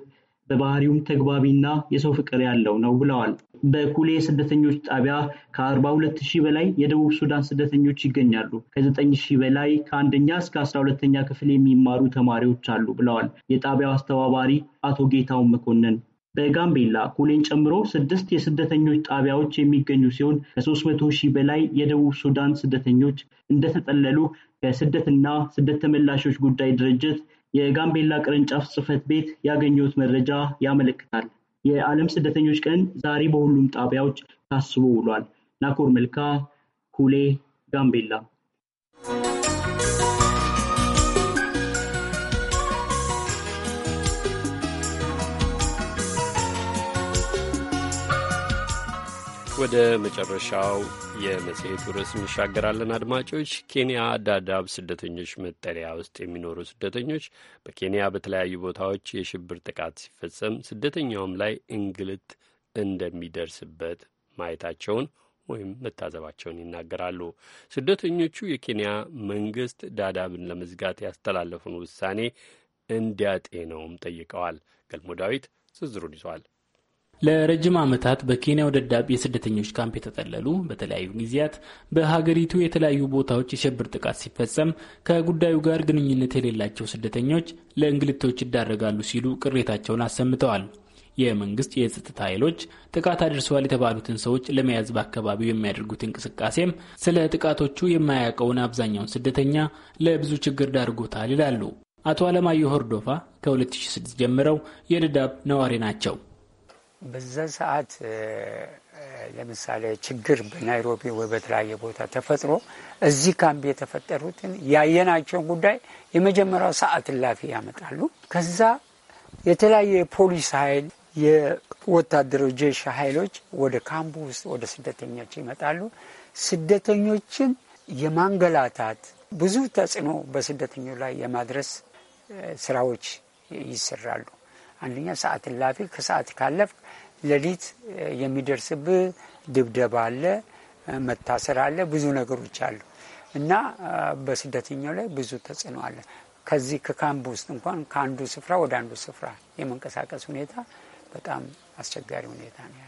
በባህሪውም ተግባቢና የሰው ፍቅር ያለው ነው ብለዋል። በኩሌ ስደተኞች ጣቢያ ከ42 ሺህ በላይ የደቡብ ሱዳን ስደተኞች ይገኛሉ። ከ9 ሺህ በላይ ከአንደኛ እስከ 12ኛ ክፍል የሚማሩ ተማሪዎች አሉ ብለዋል የጣቢያው አስተባባሪ አቶ ጌታው መኮንን። በጋምቤላ ኩሌን ጨምሮ ስድስት የስደተኞች ጣቢያዎች የሚገኙ ሲሆን ከ መቶ ሺህ በላይ የደቡብ ሱዳን ስደተኞች እንደተጠለሉ ከስደትና ስደት ተመላሾች ጉዳይ ድርጅት የጋምቤላ ቅርንጫፍ ጽህፈት ቤት ያገኘሁት መረጃ ያመለክታል። የዓለም ስደተኞች ቀን ዛሬ በሁሉም ጣቢያዎች ታስቦ ውሏል። ናኮር መልካ ኩሌ፣ ጋምቤላ። ወደ መጨረሻው የመጽሔቱ ርዕስ እንሻገራለን። አድማጮች ኬንያ ዳዳብ ስደተኞች መጠለያ ውስጥ የሚኖሩ ስደተኞች በኬንያ በተለያዩ ቦታዎች የሽብር ጥቃት ሲፈጸም ስደተኛውም ላይ እንግልት እንደሚደርስበት ማየታቸውን ወይም መታዘባቸውን ይናገራሉ። ስደተኞቹ የኬንያ መንግስት ዳዳብን ለመዝጋት ያስተላለፉን ውሳኔ እንዲያጤነውም ጠይቀዋል። ገልሞ ዳዊት ዝርዝሩን ይዟል። ለረጅም ዓመታት በኬንያው ደዳብ የስደተኞች ካምፕ የተጠለሉ በተለያዩ ጊዜያት በሀገሪቱ የተለያዩ ቦታዎች የሽብር ጥቃት ሲፈጸም ከጉዳዩ ጋር ግንኙነት የሌላቸው ስደተኞች ለእንግልቶች ይዳረጋሉ ሲሉ ቅሬታቸውን አሰምተዋል። የመንግስት የጸጥታ ኃይሎች ጥቃት አድርሰዋል የተባሉትን ሰዎች ለመያዝ በአካባቢው የሚያደርጉት እንቅስቃሴም ስለ ጥቃቶቹ የማያውቀውን አብዛኛውን ስደተኛ ለብዙ ችግር ዳርጎታል ይላሉ። አቶ አለማየሁ ሆርዶፋ ከ2006 ጀምረው የደዳብ ነዋሪ ናቸው። በዛ ሰዓት ለምሳሌ ችግር በናይሮቢ ወይ በተለያየ ቦታ ተፈጥሮ እዚህ ካምፕ የተፈጠሩትን ያየናቸውን ጉዳይ የመጀመሪያው ሰዓት እላፊ ያመጣሉ። ከዛ የተለያየ የፖሊስ ኃይል የወታደሮች ጄሽ ኃይሎች ወደ ካምፕ ውስጥ ወደ ስደተኞች ይመጣሉ። ስደተኞችን የማንገላታት ብዙ ተጽዕኖ በስደተኞች ላይ የማድረስ ስራዎች ይሰራሉ። አንደኛ ሰዓት እላፊ፣ ከሰዓት ካለፍ ሌሊት የሚደርስብህ ድብደባ አለ፣ መታሰር አለ፣ ብዙ ነገሮች አሉ እና በስደተኛው ላይ ብዙ ተጽዕኖ አለ። ከዚህ ከካምፕ ውስጥ እንኳን ከአንዱ ስፍራ ወደ አንዱ ስፍራ የመንቀሳቀስ ሁኔታ በጣም አስቸጋሪ ሁኔታ ነው ያለ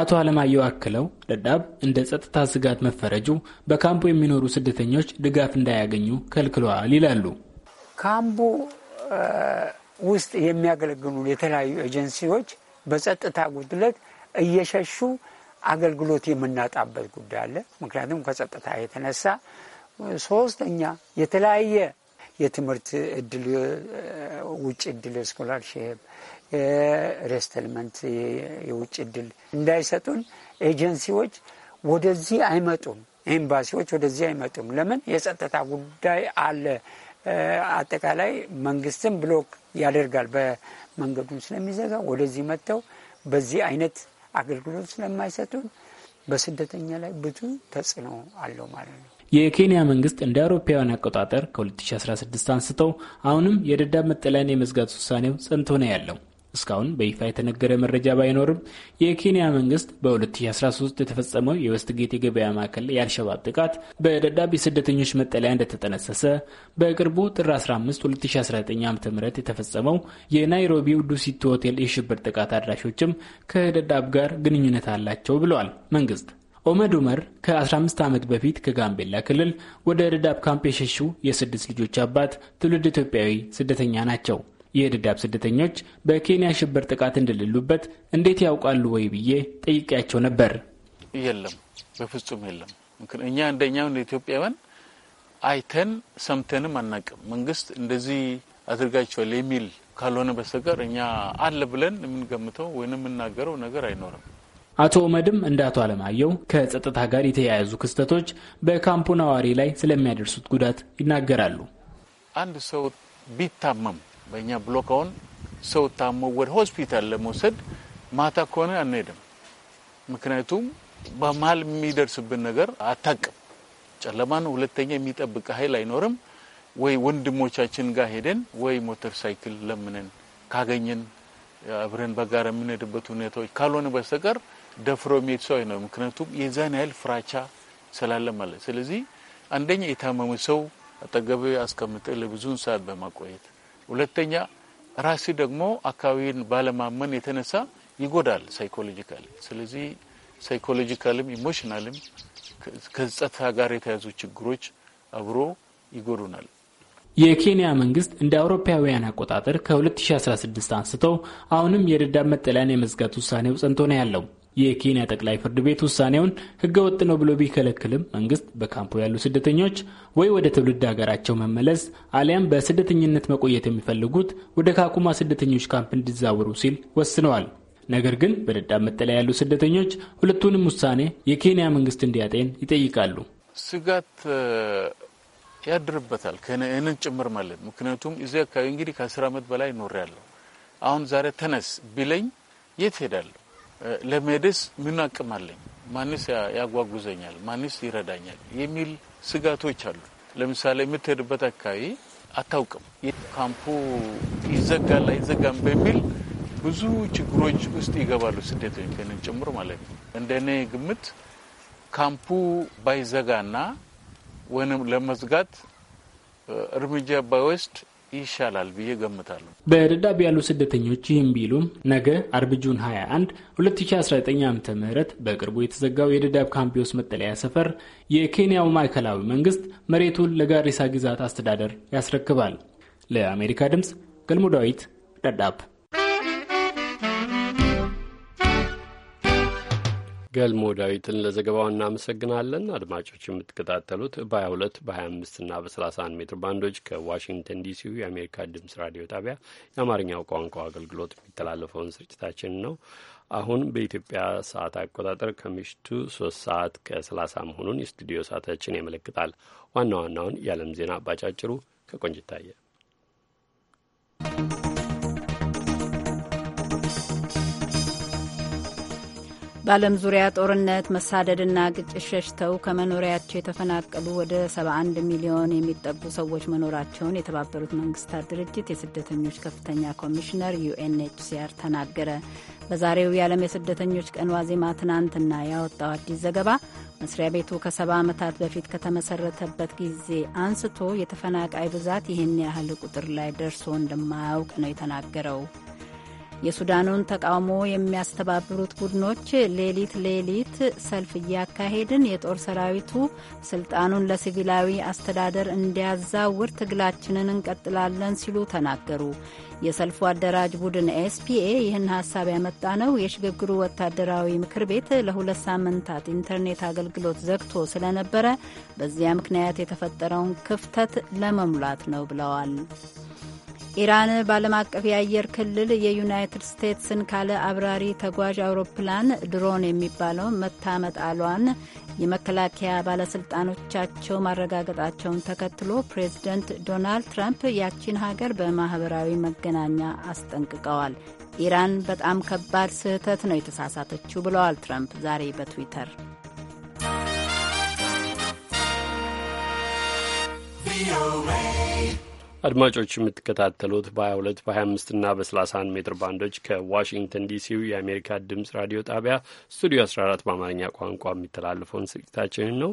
አቶ አለማየሁ አክለው ደዳብ እንደ ጸጥታ ስጋት መፈረጁ በካምፑ የሚኖሩ ስደተኞች ድጋፍ እንዳያገኙ ከልክለዋል ይላሉ። ካምፑ ውስጥ የሚያገለግሉ የተለያዩ ኤጀንሲዎች በጸጥታ ጉድለት እየሸሹ አገልግሎት የምናጣበት ጉዳይ አለ። ምክንያቱም ከጸጥታ የተነሳ ሶስተኛ የተለያየ የትምህርት እድል ውጭ እድል ስኮላርሽፕ፣ ሬስተልመንት የውጭ እድል እንዳይሰጡን ኤጀንሲዎች ወደዚህ አይመጡም፣ ኤምባሲዎች ወደዚህ አይመጡም። ለምን? የጸጥታ ጉዳይ አለ። አጠቃላይ መንግስትም ብሎክ ያደርጋል መንገዱን ስለሚዘጋ ወደዚህ መጥተው በዚህ አይነት አገልግሎት ስለማይሰጡን በስደተኛ ላይ ብዙ ተጽዕኖ አለው ማለት ነው። የኬንያ መንግስት እንደ አውሮፓውያን አቆጣጠር ከ2016 አንስተው አሁንም የደዳብ መጠለያን የመዝጋት ውሳኔው ጸንቶ ነው ያለው። እስካሁን በይፋ የተነገረ መረጃ ባይኖርም የኬንያ መንግስት በ2013 የተፈጸመው የዌስትጌት የገበያ ማዕከል የአልሸባብ ጥቃት በደዳብ ስደተኞች መጠለያ እንደተጠነሰሰ፣ በቅርቡ ጥር 15 2019 ዓ ም የተፈጸመው የናይሮቢው ዱሲት ሆቴል የሽብር ጥቃት አድራሾችም ከደዳብ ጋር ግንኙነት አላቸው ብለዋል መንግስት። ኦመድ ኡመር ከ15 ዓመት በፊት ከጋምቤላ ክልል ወደ ደዳብ ካምፕ የሸሹ የስድስት ልጆች አባት ትውልድ ኢትዮጵያዊ ስደተኛ ናቸው። የድዳብ ስደተኞች በኬንያ ሽብር ጥቃት እንደሌሉበት እንዴት ያውቃሉ ወይ ብዬ ጠይቄያቸው ነበር። የለም፣ በፍጹም የለም። እኛ እንደኛው እንደ ኢትዮጵያውያን አይተን ሰምተንም አናቅም። መንግስት እንደዚህ አድርጋቸዋል የሚል ካልሆነ በስተቀር እኛ አለ ብለን የምንገምተው ወይም የምናገረው ነገር አይኖርም። አቶ ኦመድም እንደ አቶ አለማየሁ ከጸጥታ ጋር የተያያዙ ክስተቶች በካምፑ ነዋሪ ላይ ስለሚያደርሱት ጉዳት ይናገራሉ። አንድ ሰው ቢታመም በእኛ ብሎክ አሁን ሰው ታሞ ወደ ሆስፒታል ለመውሰድ ማታ ከሆነ አንሄድም። ምክንያቱም በመሀል የሚደርስብን ነገር አታቅም። ጨለማን ሁለተኛ የሚጠብቅ ኃይል አይኖርም። ወይ ወንድሞቻችን ጋር ሄደን ወይ ሞተር ሳይክል ለምንን ካገኘን አብረን በጋራ የምንሄድበት ሁኔታዎች ካልሆነ በስተቀር ደፍሮ የሚሄድ ሰው አይኖርም። ምክንያቱም የዛን ያህል ፍራቻ ስላለ ማለት ስለዚህ አንደኛ የታመመ ሰው አጠገብ አስቀምጠ ለብዙን ሰዓት በማቆየት ሁለተኛ ራሲ ደግሞ አካባቢን ባለማመን የተነሳ ይጎዳል ሳይኮሎጂካል። ስለዚህ ሳይኮሎጂካልም ኢሞሽናልም ከጸጥታ ጋር የተያዙ ችግሮች አብሮ ይጎዱናል። የኬንያ መንግስት እንደ አውሮፓውያን አቆጣጠር ከ2016 አንስተው አሁንም የደዳብ መጠለያን የመዝጋት ውሳኔው ጸንቶ ነው ያለው። የኬንያ ጠቅላይ ፍርድ ቤት ውሳኔውን ህገወጥ ነው ብሎ ቢከለክልም መንግስት በካምፑ ያሉ ስደተኞች ወይ ወደ ትውልድ ሀገራቸው መመለስ አሊያም በስደተኝነት መቆየት የሚፈልጉት ወደ ካኩማ ስደተኞች ካምፕ እንዲዛወሩ ሲል ወስነዋል። ነገር ግን በደዳብ መጠለያ ያሉ ስደተኞች ሁለቱንም ውሳኔ የኬንያ መንግስት እንዲያጤን ይጠይቃሉ። ስጋት ያድርበታል ከእኔን ጭምር ማለት ምክንያቱም እዚህ አካባቢ እንግዲህ ከአስር ዓመት በላይ ኖሬያለሁ። አሁን ዛሬ ተነስ ቢለኝ የት ሄዳለሁ? ለመሄድስ ምን አቅም አለኝ፣ ማንስ ያጓጉዘኛል፣ ማንስ ይረዳኛል የሚል ስጋቶች አሉ። ለምሳሌ የምትሄድበት አካባቢ አታውቅም። ካምፑ ይዘጋል አይዘጋም በሚል ብዙ ችግሮች ውስጥ ይገባሉ ስደተኞች ከእኔን ጭምር ማለት ነው። እንደኔ ግምት ካምፑ ባይዘጋና ወይም ለመዝጋት እርምጃ ባይወስድ ይሻላል ብዬ ገምታለሁ። በደዳብ ያሉ ስደተኞች ይህም ቢሉም ነገ አርብ ጁን 21 2019 ዓ ም በቅርቡ የተዘጋው የደዳብ ካምፒዮስ መጠለያ ሰፈር የኬንያው ማዕከላዊ መንግስት መሬቱን ለጋሪሳ ግዛት አስተዳደር ያስረክባል። ለአሜሪካ ድምፅ ገልሞ ዳዊት ደዳብ ገልሞ ዳዊትን ለዘገባው እናመሰግናለን። አድማጮች የምትከታተሉት በ22 በ25 እና በ31 ሜትር ባንዶች ከዋሽንግተን ዲሲው የአሜሪካ ድምፅ ራዲዮ ጣቢያ የአማርኛው ቋንቋ አገልግሎት የሚተላለፈውን ስርጭታችን ነው። አሁን በኢትዮጵያ ሰዓት አቆጣጠር ከምሽቱ 3 ሰዓት ከ30 መሆኑን የስቱዲዮ ሰዓታችን ያመለክታል። ዋና ዋናውን የዓለም ዜና ባጫጭሩ ከቆንጅታየ በዓለም ዙሪያ ጦርነት፣ መሳደድና ግጭት ሸሽተው ከመኖሪያቸው የተፈናቀሉ ወደ 71 ሚሊዮን የሚጠጉ ሰዎች መኖራቸውን የተባበሩት መንግስታት ድርጅት የስደተኞች ከፍተኛ ኮሚሽነር ዩኤንኤችሲአር ተናገረ። በዛሬው የዓለም የስደተኞች ቀን ዋዜማ ትናንትና ያወጣው አዲስ ዘገባ መስሪያ ቤቱ ከሰባ ዓመታት በፊት ከተመሰረተበት ጊዜ አንስቶ የተፈናቃይ ብዛት ይህን ያህል ቁጥር ላይ ደርሶ እንደማያውቅ ነው የተናገረው። የሱዳኑን ተቃውሞ የሚያስተባብሩት ቡድኖች ሌሊት ሌሊት ሰልፍ እያካሄድን የጦር ሰራዊቱ ስልጣኑን ለሲቪላዊ አስተዳደር እንዲያዛውር ትግላችንን እንቀጥላለን ሲሉ ተናገሩ። የሰልፉ አደራጅ ቡድን ኤስፒኤ ይህን ሀሳብ ያመጣ ነው የሽግግሩ ወታደራዊ ምክር ቤት ለሁለት ሳምንታት ኢንተርኔት አገልግሎት ዘግቶ ስለነበረ በዚያ ምክንያት የተፈጠረውን ክፍተት ለመሙላት ነው ብለዋል። ኢራን በዓለም አቀፍ የአየር ክልል የዩናይትድ ስቴትስን ካለ አብራሪ ተጓዥ አውሮፕላን ድሮን የሚባለው መታ መጣሏን የመከላከያ ባለስልጣኖቻቸው ማረጋገጣቸውን ተከትሎ ፕሬዝደንት ዶናልድ ትራምፕ ያቺን ሀገር በማህበራዊ መገናኛ አስጠንቅቀዋል። ኢራን በጣም ከባድ ስህተት ነው የተሳሳተችው ብለዋል ትራምፕ ዛሬ በትዊተር። አድማጮች የምትከታተሉት በ22 በ25 እና በ31 ሜትር ባንዶች ከዋሽንግተን ዲሲው የአሜሪካ ድምፅ ራዲዮ ጣቢያ ስቱዲዮ 14 በአማርኛ ቋንቋ የሚተላለፈውን ስርጭታችንን ነው።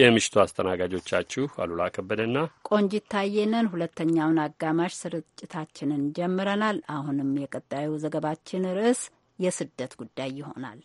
የምሽቱ አስተናጋጆቻችሁ አሉላ ከበደና ቆንጂት ታየነን። ሁለተኛውን አጋማሽ ስርጭታችንን ጀምረናል። አሁንም የቀጣዩ ዘገባችን ርዕስ የስደት ጉዳይ ይሆናል።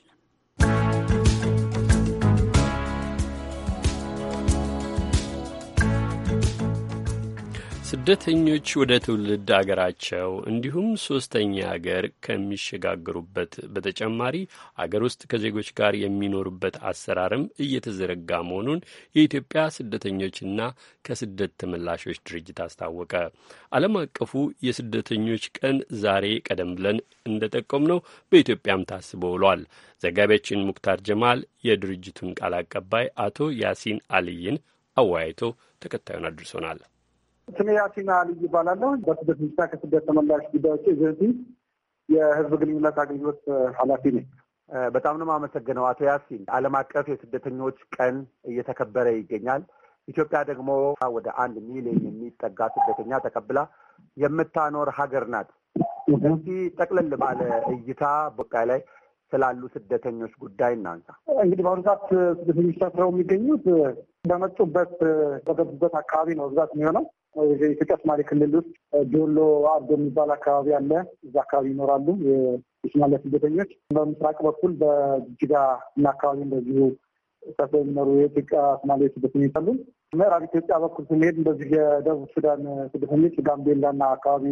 ስደተኞች ወደ ትውልድ አገራቸው እንዲሁም ሶስተኛ አገር ከሚሸጋገሩበት በተጨማሪ አገር ውስጥ ከዜጎች ጋር የሚኖሩበት አሰራርም እየተዘረጋ መሆኑን የኢትዮጵያ ስደተኞችና ከስደት ተመላሾች ድርጅት አስታወቀ። ዓለም አቀፉ የስደተኞች ቀን ዛሬ ቀደም ብለን እንደጠቆም ነው በኢትዮጵያም ታስቦ ውሏል። ዘጋቢያችን ሙክታር ጀማል የድርጅቱን ቃል አቀባይ አቶ ያሲን አልይን አወያይቶ ተከታዩን አድርሶናል። ስሜ ያሲን አልይ ይባላለሁ። በስደት ሚኒስታ ከስደት ተመላሽ ጉዳዮች ኤጀንሲ የህዝብ ግንኙነት አገልግሎት ኃላፊ ነኝ። በጣም ነው የማመሰግነው አቶ ያሲን። ዓለም አቀፍ የስደተኞች ቀን እየተከበረ ይገኛል። ኢትዮጵያ ደግሞ ወደ አንድ ሚሊዮን የሚጠጋ ስደተኛ ተቀብላ የምታኖር ሀገር ናት። እስኪ ጠቅለል ባለ እይታ በቃይ ላይ ስላሉ ስደተኞች ጉዳይ እናንሳ። እንግዲህ በአሁኑ ሰዓት ስደተኞች ታስረው የሚገኙት በመጡበት በገቡበት አካባቢ ነው ብዛት የሚሆነው ኢትዮጵያ ሶማሌ ክልል ውስጥ ዶሎ አዶ የሚባል አካባቢ አለ። እዛ አካባቢ ይኖራሉ የሶማሊያ ስደተኞች። በምስራቅ በኩል በጅጋ እና አካባቢ እንደዚሁ ሰፍረው የሚኖሩ የኢትዮጵያ ሶማሌ ስደተኞች አሉ። ምዕራብ ኢትዮጵያ በኩል ስንሄድ እንደዚህ የደቡብ ሱዳን ስደተኞች ጋምቤላና አካባቢ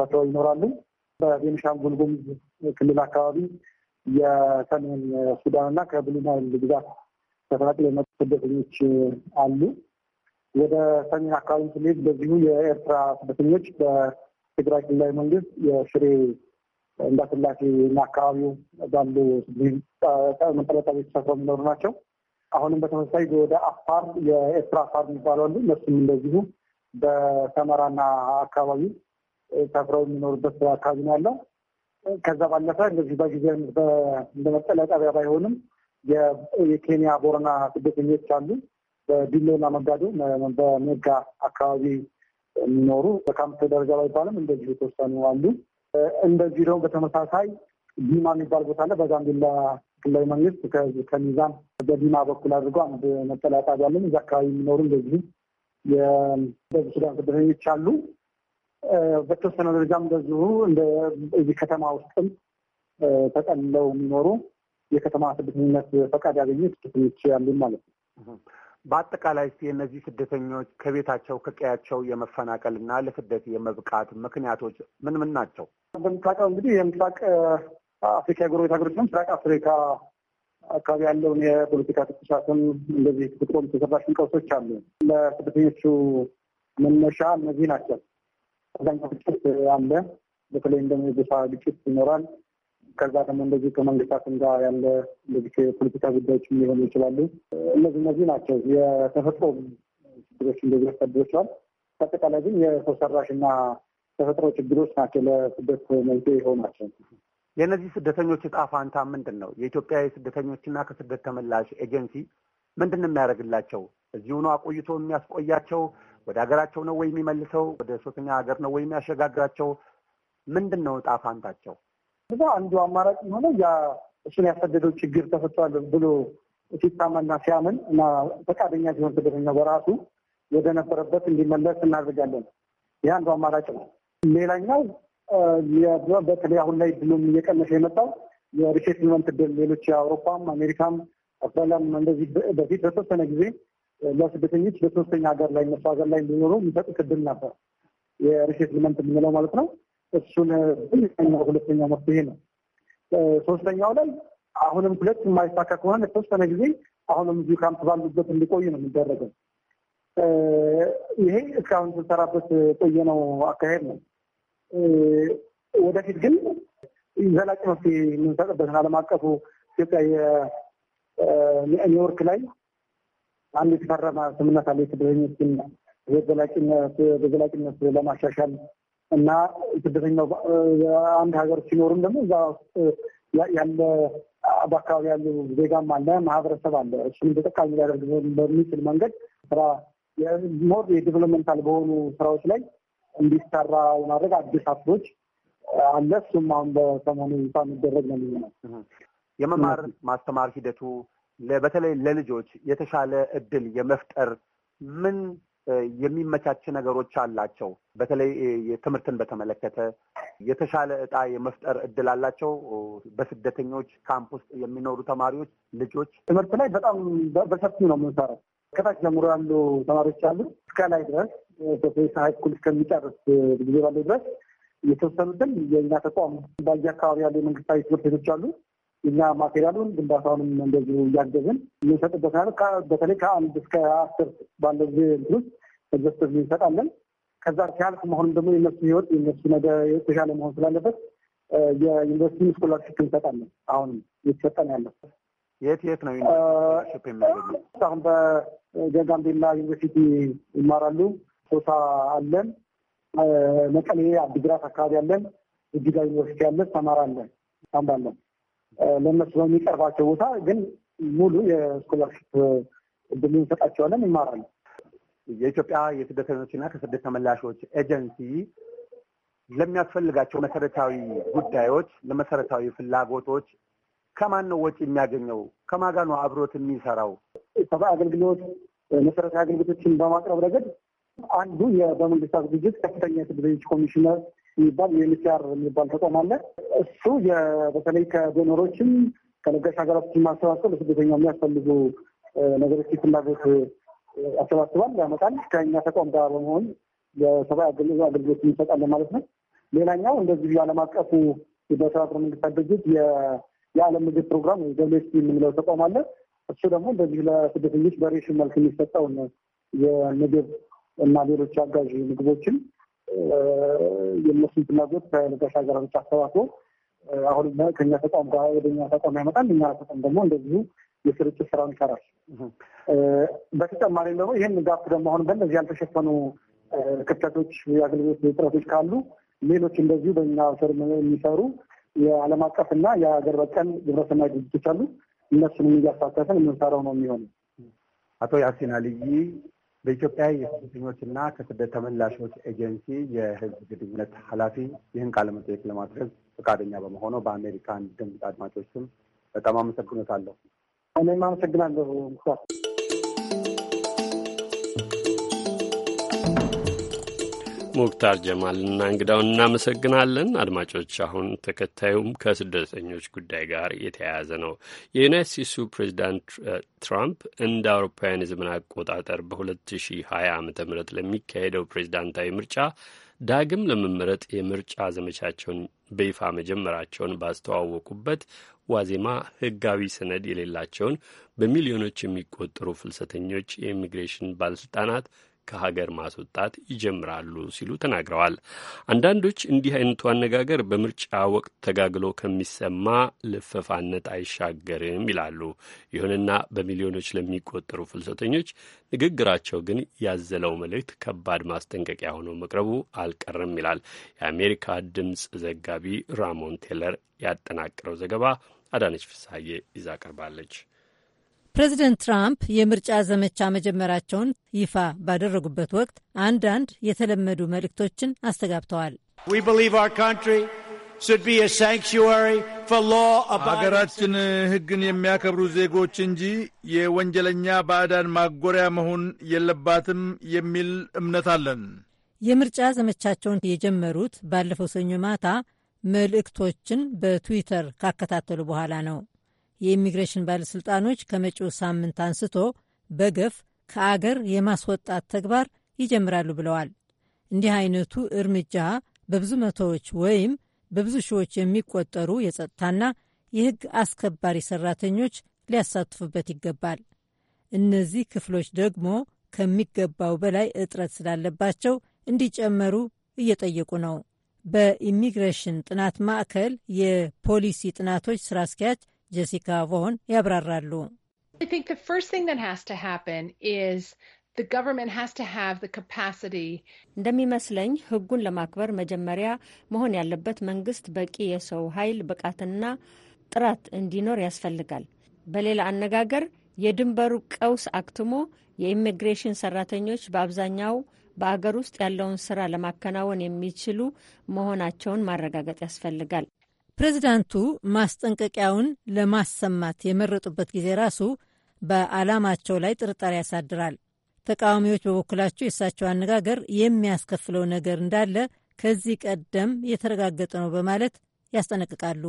ሰፍረው ይኖራሉ። በቤኒሻንጉል ጉሙዝ ክልል አካባቢ የሰሜን ሱዳንና ከብሉ ናይል ግዛት ተፈናቅለው የመጡ ስደተኞች አሉ። ወደ ሰሜን አካባቢ ስንሄድ በዚሁ የኤርትራ ስደተኞች በትግራይ ክልላዊ መንግስት የሽሬ እንዳስላሴ እና አካባቢው ባሉ መጠለጣ ቤት ሰፍረው የሚኖሩ ናቸው። አሁንም በተመሳሳይ ወደ አፋር የኤርትራ አፋር የሚባሉ አሉ። እነሱም እንደዚሁ በሰመራና አካባቢ ሰፍረው የሚኖሩበት አካባቢ ነው ያለው። ከዛ ባለፈ እንደዚህ በጊዜ እንደ መጠለያ ጣቢያ ባይሆንም የኬንያ ቦረና ስደተኞች አሉ። በዲሌና መጋዶ በሜጋ አካባቢ የሚኖሩ በካምፕ ደረጃ ባይባልም እንደዚሁ የተወሰኑ አሉ። እንደዚሁ ደግሞ በተመሳሳይ ዲማ የሚባል ቦታ አለ። በጋምቤላ ክልላዊ መንግስት ከሚዛን በዲማ በኩል አድርጎ አንድ መጠለያ ጣቢያ አለን። እዚ አካባቢ የሚኖሩ እንደዚሁ የደቡብ ሱዳን ስደተኞች አሉ። በተወሰነ ደረጃም እንደዚሁ እዚህ ከተማ ውስጥም ተጠልለው የሚኖሩ የከተማ ስደተኝነት ፈቃድ ያገኙ ስደተኞች ያሉ ማለት ነው። በአጠቃላይ ስ የእነዚህ ስደተኞች ከቤታቸው ከቀያቸው የመፈናቀልና ለስደት የመብቃት ምክንያቶች ምን ምን ናቸው? እንደምታውቀው እንግዲህ የምስራቅ አፍሪካ የጎረቤት ሀገሮች ነው። ምስራቅ አፍሪካ አካባቢ ያለውን የፖለቲካ ትኩሳትን እንደዚህ ትጥቆም ተሰራሽን ቀውሶች አሉ። ለስደተኞቹ መነሻ እነዚህ ናቸው። አብዛኛው ግጭት አለ። በተለይ እንደ የጎሳ ግጭት ይኖራል። ከዛ ደግሞ እንደዚህ ከመንግስታትም ጋር ያለ እንደዚህ የፖለቲካ ጉዳዮች ሊሆኑ ይችላሉ። እነዚህ እነዚህ ናቸው የተፈጥሮ ችግሮች እንደዚህ ያስቀድሮችላል። በአጠቃላይ ግን የሰው ሰራሽና ተፈጥሮ ችግሮች ናቸው ለስደት መንስኤ የሆኑ ናቸው። የእነዚህ ስደተኞች እጣ ፋንታ ምንድን ነው? የኢትዮጵያ ስደተኞችና ከስደት ተመላሽ ኤጀንሲ ምንድን የሚያደርግላቸው? እዚሁ ነው አቆይቶ የሚያስቆያቸው? ወደ ሀገራቸው ነው ወይ የሚመልሰው? ወደ ሶስተኛ ሀገር ነው ወይ የሚያሸጋግራቸው? ምንድን ነው እጣ ፋንታቸው? ከዛ አንዱ አማራጭ የሆነ ያ እሱን ያሳደደው ችግር ተፈቷል ብሎ ሲታመንና ሲያምን እና ፈቃደኛ ሲሆን ስደተኛው በራሱ ወደ ነበረበት እንዲመለስ እናደርጋለን። ይህ አንዱ አማራጭ ነው። ሌላኛው በተለይ አሁን ላይ ብሎም እየቀነሰ የመጣው የሪሴትልመንት ዕድል ሌሎች የአውሮፓም አሜሪካም አስትራሊያም እንደዚህ በፊት በተወሰነ ጊዜ ለስደተኞች በሶስተኛ ሀገር ላይ እነሱ ሀገር ላይ እንዲኖሩ የሚሰጡት ዕድል ነበር። የሪሴትልመንት የምንለው ማለት ነው። እሱን ሁለተኛው ሁለተኛው መፍትሄ ነው። ሶስተኛው ላይ አሁንም ሁለት የማይሳካ ከሆነ የተወሰነ ጊዜ አሁንም እዚሁ ካምፕ ባሉበት እንዲቆዩ ነው የሚደረገው። ይሄ እስካሁን ስንሰራበት ቆየነው አካሄድ ነው። ወደፊት ግን ዘላቂ መፍትሄ የምንሰጥበትን ዓለም አቀፉ ኢትዮጵያ የኒውዮርክ ላይ አንድ የተፈረመ ስምምነት አለ የስደተኞችን በዘላቂነት ለማሻሻል እና ስደተኛው አንድ ሀገር ሲኖርም ደግሞ እዛ ያለ በአካባቢ ያሉ ዜጋም አለ ማህበረሰብ አለ። እሱንም ተጠቃሚ ሊያደርግ በሚችል መንገድ ስራ ሞር የዲቨሎፕመንታል በሆኑ ስራዎች ላይ እንዲሰራ የማድረግ አዲስ አስቦች አለ። እሱም አሁን በሰሞኑ ይፋ የሚደረግ ነው የሚሆነው። የመማር ማስተማር ሂደቱ በተለይ ለልጆች የተሻለ እድል የመፍጠር ምን የሚመቻች ነገሮች አላቸው። በተለይ ትምህርትን በተመለከተ የተሻለ እጣ የመፍጠር እድል አላቸው። በስደተኞች ካምፕ ውስጥ የሚኖሩ ተማሪዎች ልጆች ትምህርት ላይ በጣም በሰፊ ነው የምንሰራው። ከታች ጀምሮ ያሉ ተማሪዎች አሉ እስከ ላይ ድረስ ሃይስኩል እስከሚጨርስ ጊዜ ባለው ድረስ የተወሰኑትን የእኛ ተቋም በየ አካባቢ ያሉ የመንግስታዊ ትምህርት ቤቶች አሉ እኛ ማቴሪያሉን ግንባታውንም እንደዚሁ እያገዝን እንሰጥበታል። በተለይ ከአንድ እስከ አስር ባለው ጊዜ ውስጥ ኢንቨስተር እንሰጣለን። ከዛ ሲያልፍ መሆኑም ደግሞ የነሱ ህይወት የነሱ ነገር የተሻለ መሆን ስላለበት የዩኒቨርሲቲ ስኮላርሽፕ እንሰጣለን። አሁንም እየተሰጠን ያለው የት የት ነው? ዩኒቨርሲቲ አሁን በጋምቤላ ዩኒቨርሲቲ ይማራሉ። ሶሳ አለን፣ መቀሌ አዲግራት አካባቢ አለን፣ እጅጋ ዩኒቨርሲቲ አለን፣ ተማራ አለን፣ አምባ አለን። ለእነሱ በሚቀርባቸው ቦታ ግን ሙሉ የስኮላርሽፕ እድል እንሰጣቸዋለን፣ ይማራሉ። የኢትዮጵያ የስደተኞችና ከስደት ተመላሾች ኤጀንሲ ለሚያስፈልጋቸው መሰረታዊ ጉዳዮች፣ ለመሰረታዊ ፍላጎቶች ከማን ነው ወጪ የሚያገኘው? ከማን ነው አብሮት የሚሰራው? ሰብአዊ አገልግሎት፣ መሰረታዊ አገልግሎቶችን በማቅረብ ረገድ አንዱ በመንግስታት ድርጅት ከፍተኛ የስደተኞች ኮሚሽነር የሚባል የኤምሲአር የሚባል ተቋም አለ። እሱ በተለይ ከዶኖሮችም ከለጋሽ ሀገራት ማሰባሰብ ለስደተኛ የሚያስፈልጉ ነገሮች ፍላጎት አሰባስባል፣ ያመጣል። ከኛ ተቋም ጋር በመሆን የሰብአዊ አገልግሎት እንሰጣለን ማለት ነው። ሌላኛው እንደዚህ የዓለም አቀፉ በተባበሩት መንግስታት ድርጅት የዓለም ምግብ ፕሮግራም ወይ የምንለው ተቋም አለ። እሱ ደግሞ እንደዚህ ለስደተኞች በሬሽን መልክ የሚሰጠውን የምግብ እና ሌሎች አጋዥ ምግቦችን የእነሱን ፍላጎት ከነጋሽ ሀገራቶች አስተባብሮ አሁን ከኛ ተቋም ጋር ወደኛ ተቋም ያመጣል። እኛ ተቋም ደግሞ እንደዚሁ የስርጭት ስራ ይሰራል። በተጨማሪም ደግሞ ይህን ጋፕ ደግሞ አሁን በእነዚህ ያልተሸፈኑ ክፍተቶች፣ የአገልግሎት እጥረቶች ካሉ ሌሎች እንደዚሁ በእኛ ስር የሚሰሩ የዓለም አቀፍ እና የሀገር በቀል ግብረሰናይ ድርጅቶች አሉ። እነሱንም እያሳተፍን የምንሰራው ነው የሚሆነው። አቶ ያሲን አልይ በኢትዮጵያ የስደተኞችና ከስደት ተመላሾች ኤጀንሲ የሕዝብ ግንኙነት ኃላፊ ይህን ቃለ መጠየቅ ለማድረግ ፈቃደኛ በመሆኑ በአሜሪካን ድምፅ አድማጮች ስም በጣም አመሰግኖታለሁ። እኔም አመሰግናለሁ ሙክታር። ሙክታር ጀማልና እንግዳውን እናመሰግናለን። አድማጮች፣ አሁን ተከታዩም ከስደተኞች ጉዳይ ጋር የተያያዘ ነው። የዩናይት ስቴትሱ ፕሬዚዳንት ትራምፕ እንደ አውሮፓውያን የዘመን አቆጣጠር በ2020 ዓ ም ለሚካሄደው ፕሬዚዳንታዊ ምርጫ ዳግም ለመመረጥ የምርጫ ዘመቻቸውን በይፋ መጀመራቸውን ባስተዋወቁበት ዋዜማ ሕጋዊ ሰነድ የሌላቸውን በሚሊዮኖች የሚቆጠሩ ፍልሰተኞች የኢሚግሬሽን ባለሥልጣናት ከሀገር ማስወጣት ይጀምራሉ ሲሉ ተናግረዋል። አንዳንዶች እንዲህ አይነቱ አነጋገር በምርጫ ወቅት ተጋግሎ ከሚሰማ ልፈፋነት አይሻገርም ይላሉ። ይሁንና በሚሊዮኖች ለሚቆጠሩ ፍልሰተኞች ንግግራቸው ግን ያዘለው መልእክት ከባድ ማስጠንቀቂያ ሆኖ መቅረቡ አልቀርም ይላል የአሜሪካ ድምፅ ዘጋቢ ራሞን ቴለር ያጠናቅረው ዘገባ። አዳነች ፍሳዬ ይዛ ቀርባለች። ፕሬዚደንት ትራምፕ የምርጫ ዘመቻ መጀመራቸውን ይፋ ባደረጉበት ወቅት አንዳንድ የተለመዱ መልእክቶችን አስተጋብተዋል። ሀገራችን ሕግን የሚያከብሩ ዜጎች እንጂ የወንጀለኛ ባዕዳን ማጎሪያ መሆን የለባትም የሚል እምነት አለን። የምርጫ ዘመቻቸውን የጀመሩት ባለፈው ሰኞ ማታ መልእክቶችን በትዊተር ካከታተሉ በኋላ ነው። የኢሚግሬሽን ባለሥልጣኖች ከመጪው ሳምንት አንስቶ በገፍ ከአገር የማስወጣት ተግባር ይጀምራሉ ብለዋል። እንዲህ አይነቱ እርምጃ በብዙ መቶዎች ወይም በብዙ ሺዎች የሚቆጠሩ የጸጥታና የሕግ አስከባሪ ሰራተኞች ሊያሳትፉበት ይገባል። እነዚህ ክፍሎች ደግሞ ከሚገባው በላይ እጥረት ስላለባቸው እንዲጨመሩ እየጠየቁ ነው። በኢሚግሬሽን ጥናት ማዕከል የፖሊሲ ጥናቶች ስራ አስኪያጅ ጀሲካ ቮን ያብራራሉ። እንደሚመስለኝ ህጉን ለማክበር መጀመሪያ መሆን ያለበት መንግስት በቂ የሰው ኃይል ብቃትና ጥራት እንዲኖር ያስፈልጋል። በሌላ አነጋገር የድንበሩ ቀውስ አክትሞ የኢሚግሬሽን ሰራተኞች በአብዛኛው በአገር ውስጥ ያለውን ስራ ለማከናወን የሚችሉ መሆናቸውን ማረጋገጥ ያስፈልጋል። ፕሬዚዳንቱ ማስጠንቀቂያውን ለማሰማት የመረጡበት ጊዜ ራሱ በዓላማቸው ላይ ጥርጣሬ ያሳድራል። ተቃዋሚዎች በበኩላቸው የእሳቸው አነጋገር የሚያስከፍለው ነገር እንዳለ ከዚህ ቀደም የተረጋገጠ ነው በማለት ያስጠነቅቃሉ።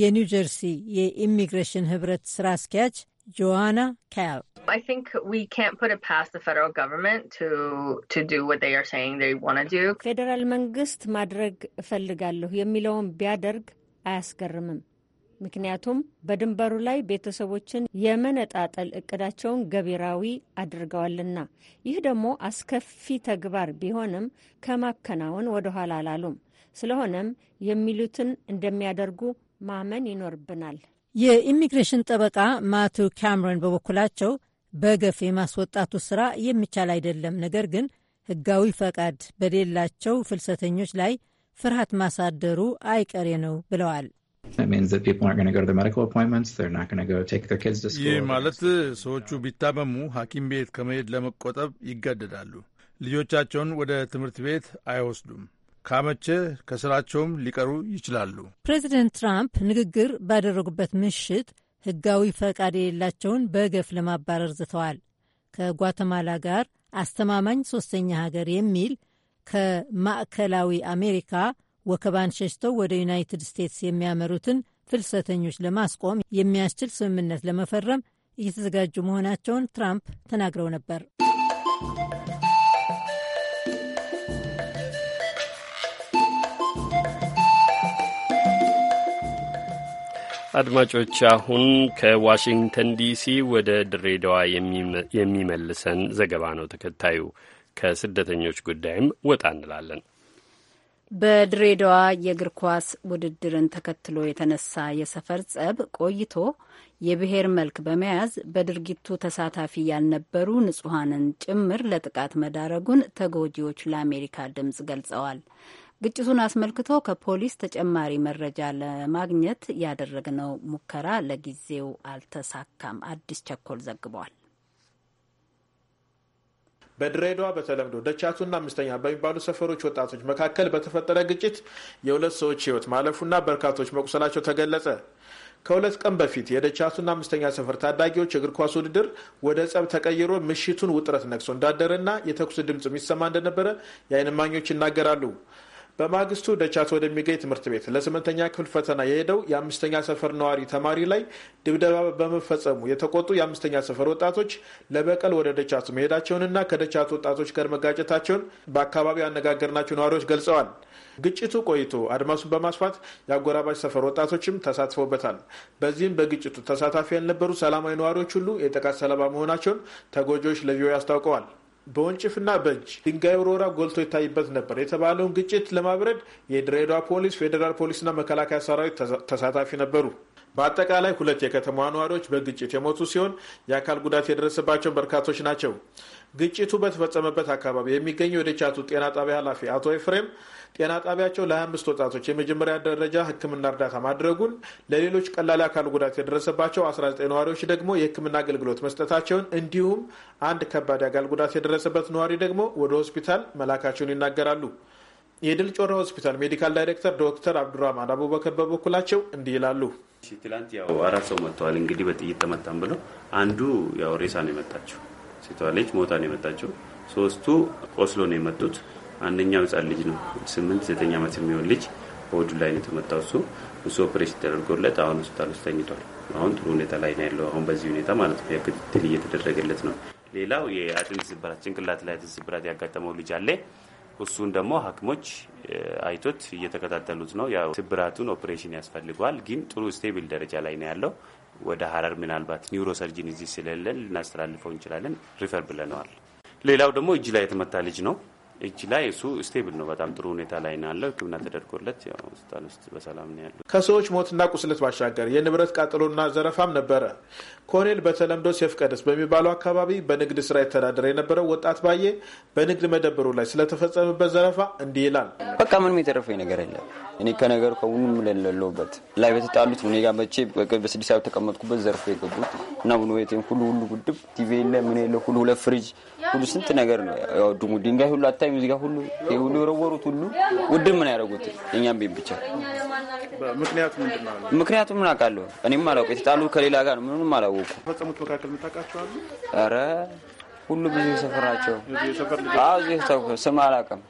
የኒው ጀርሲ የኢሚግሬሽን ህብረት ስራ አስኪያጅ ጆዋና ካያል ፌዴራል መንግስት ማድረግ እፈልጋለሁ የሚለውን ቢያደርግ አያስገርምም። ምክንያቱም በድንበሩ ላይ ቤተሰቦችን የመነጣጠል እቅዳቸውን ገቢራዊ አድርገዋልና። ይህ ደግሞ አስከፊ ተግባር ቢሆንም ከማከናወን ወደኋላ አላሉም። ስለሆነም የሚሉትን እንደሚያደርጉ ማመን ይኖርብናል። የኢሚግሬሽን ጠበቃ ማቱ ካምሮን በበኩላቸው በገፍ የማስወጣቱ ስራ የሚቻል አይደለም፣ ነገር ግን ህጋዊ ፈቃድ በሌላቸው ፍልሰተኞች ላይ ፍርሃት ማሳደሩ አይቀሬ ነው ብለዋል። ይህ ማለት ሰዎቹ ቢታመሙ ሐኪም ቤት ከመሄድ ለመቆጠብ ይገደዳሉ። ልጆቻቸውን ወደ ትምህርት ቤት አይወስዱም። ካመቼ ከስራቸውም ሊቀሩ ይችላሉ። ፕሬዚደንት ትራምፕ ንግግር ባደረጉበት ምሽት ሕጋዊ ፈቃድ የሌላቸውን በገፍ ለማባረር ዝተዋል። ከጓተማላ ጋር አስተማማኝ ሶስተኛ ሀገር የሚል ከማዕከላዊ አሜሪካ ወከባን ሸሽተው ወደ ዩናይትድ ስቴትስ የሚያመሩትን ፍልሰተኞች ለማስቆም የሚያስችል ስምምነት ለመፈረም እየተዘጋጁ መሆናቸውን ትራምፕ ተናግረው ነበር። አድማጮች አሁን ከዋሽንግተን ዲሲ ወደ ድሬዳዋ የሚመልሰን ዘገባ ነው ተከታዩ። ከስደተኞች ጉዳይም ወጣ እንላለን። በድሬዳዋ የእግር ኳስ ውድድርን ተከትሎ የተነሳ የሰፈር ጸብ ቆይቶ የብሔር መልክ በመያዝ በድርጊቱ ተሳታፊ ያልነበሩ ንጹሐንን ጭምር ለጥቃት መዳረጉን ተጎጂዎች ለአሜሪካ ድምፅ ገልጸዋል። ግጭቱን አስመልክቶ ከፖሊስ ተጨማሪ መረጃ ለማግኘት ያደረግነው ሙከራ ለጊዜው አልተሳካም። አዲስ ቸኮል ዘግቧል። በድሬዳዋ በተለምዶ ደቻቱና አምስተኛ በሚባሉ ሰፈሮች ወጣቶች መካከል በተፈጠረ ግጭት የሁለት ሰዎች ህይወት ማለፉና በርካቶች መቁሰላቸው ተገለጸ። ከሁለት ቀን በፊት የደቻቱና አምስተኛ ሰፈር ታዳጊዎች እግር ኳስ ውድድር ወደ ጸብ ተቀይሮ ምሽቱን ውጥረት ነግሶ እንዳደረና የተኩስ ድምፅ የሚሰማ እንደነበረ የአይንማኞች ይናገራሉ። በማግስቱ ደቻት ወደሚገኝ ትምህርት ቤት ለስምንተኛ ክፍል ፈተና የሄደው የአምስተኛ ሰፈር ነዋሪ ተማሪ ላይ ድብደባ በመፈጸሙ የተቆጡ የአምስተኛ ሰፈር ወጣቶች ለበቀል ወደ ደቻቱ መሄዳቸውንና ከደቻቱ ወጣቶች ጋር መጋጨታቸውን በአካባቢው ያነጋገርናቸው ነዋሪዎች ገልጸዋል። ግጭቱ ቆይቶ አድማሱን በማስፋት የአጎራባች ሰፈር ወጣቶችም ተሳትፈውበታል። በዚህም በግጭቱ ተሳታፊ ያልነበሩ ሰላማዊ ነዋሪዎች ሁሉ የጥቃት ሰለባ መሆናቸውን ተጎጂዎች ለቪኦኤ አስታውቀዋል። በወንጭፍና በእጅ ድንጋይ ውርወራ ጎልቶ ይታይበት ነበር የተባለውን ግጭት ለማብረድ የድሬዳዋ ፖሊስ፣ ፌዴራል ፖሊስና መከላከያ ሰራዊት ተሳታፊ ነበሩ። በአጠቃላይ ሁለት የከተማዋ ነዋሪዎች በግጭት የሞቱ ሲሆን የአካል ጉዳት የደረሰባቸው በርካቶች ናቸው። ግጭቱ በተፈጸመበት አካባቢ የሚገኘው የደቻቱ ጤና ጣቢያ ኃላፊ አቶ ኤፍሬም ጤና ጣቢያቸው ለ25 ወጣቶች የመጀመሪያ ደረጃ ሕክምና እርዳታ ማድረጉን ለሌሎች ቀላል አካል ጉዳት የደረሰባቸው 19 ነዋሪዎች ደግሞ የሕክምና አገልግሎት መስጠታቸውን እንዲሁም አንድ ከባድ አካል ጉዳት የደረሰበት ነዋሪ ደግሞ ወደ ሆስፒታል መላካቸውን ይናገራሉ። የድል ጮራ ሆስፒታል ሜዲካል ዳይሬክተር ዶክተር አብዱራማን አቡበከር በበኩላቸው እንዲህ ይላሉ። ትላንት ያው አራት ሰው መጥተዋል። እንግዲህ በጥይት ተመታን ብለው አንዱ ያው ሬሳ ነው የመጣቸው ሴቷ ልጅ ሞታ ነው የመጣቸው። ሶስቱ ቆስሎ ነው የመጡት። አንደኛው ህጻን ልጅ ነው። ስምንት ዘጠኝ ዓመት የሚሆን ልጅ በወዱ ላይ ነው የተመጣው። እሱ እሱ ኦፕሬሽን ተደርጎለት አሁን ሆስፒታል ውስጥ ተኝቷል። አሁን ጥሩ ሁኔታ ላይ ነው ያለው። አሁን በዚህ ሁኔታ ማለት ነው ክትትል እየተደረገለት ነው። ሌላው የአጥንት ስብራት ጭንቅላት ላይ አጥንት ስብራት ያጋጠመው ልጅ አለ። እሱን ደግሞ ሐኪሞች አይቶት እየተከታተሉት ነው። ያው ስብራቱን ኦፕሬሽን ያስፈልገዋል፣ ግን ጥሩ ስቴብል ደረጃ ላይ ነው ያለው። ወደ ሀረር ምናልባት ኒውሮ ሰርጅን እዚህ ስለለን ልናስተላልፈው እንችላለን ሪፈር ብለነዋል። ሌላው ደግሞ እጅ ላይ የተመታ ልጅ ነው። እጅ ላይ እሱ ስቴብል ነው። በጣም ጥሩ ሁኔታ ላይ ነው ያለው። ሕክምና ተደርጎለት ሆስፒታል ውስጥ በሰላም ነው ያለው። ከሰዎች ሞትና ቁስለት ባሻገር የንብረት ቃጠሎና ዘረፋም ነበረ። ኮኔል በተለምዶ ሴፍ ቀደስ በሚባለው አካባቢ በንግድ ስራ የተዳደረ የነበረው ወጣት ባየ በንግድ መደብሩ ላይ ስለተፈጸመበት ዘረፋ እንዲህ ይላል። በቃ ምንም የተረፈኝ ነገር የለም። እኔ ከነገሩ ከሁሉም ለለለውበት ላይ በተጣሉት ጋር መቼ በስድስት ተቀመጥኩበት ዘርፎ የገቡት እና ቡኖ ቤቴም ሁሉ ሁሉ ጉድብ ቲቪ የለ ምን የለ ሁሉ ሁለት ፍሪጅ ሁሉ ስንት ነገር ነው ድንጋይ ሁሉ አታ የተለያዩ እዚጋ ሁሉ ሁሉ የወረወሩት ሁሉ ውድም ምን ያደረጉት እኛም ቤት ብቻ ምክንያቱ ምን አውቃለሁ እኔም አላውቅም። የተጣሉ ከሌላ ጋር ነው ምንም አላወቁ። ኧረ ሁሉ ብዙ የሰፈር ናቸው። አዎ ስም አላውቅም፣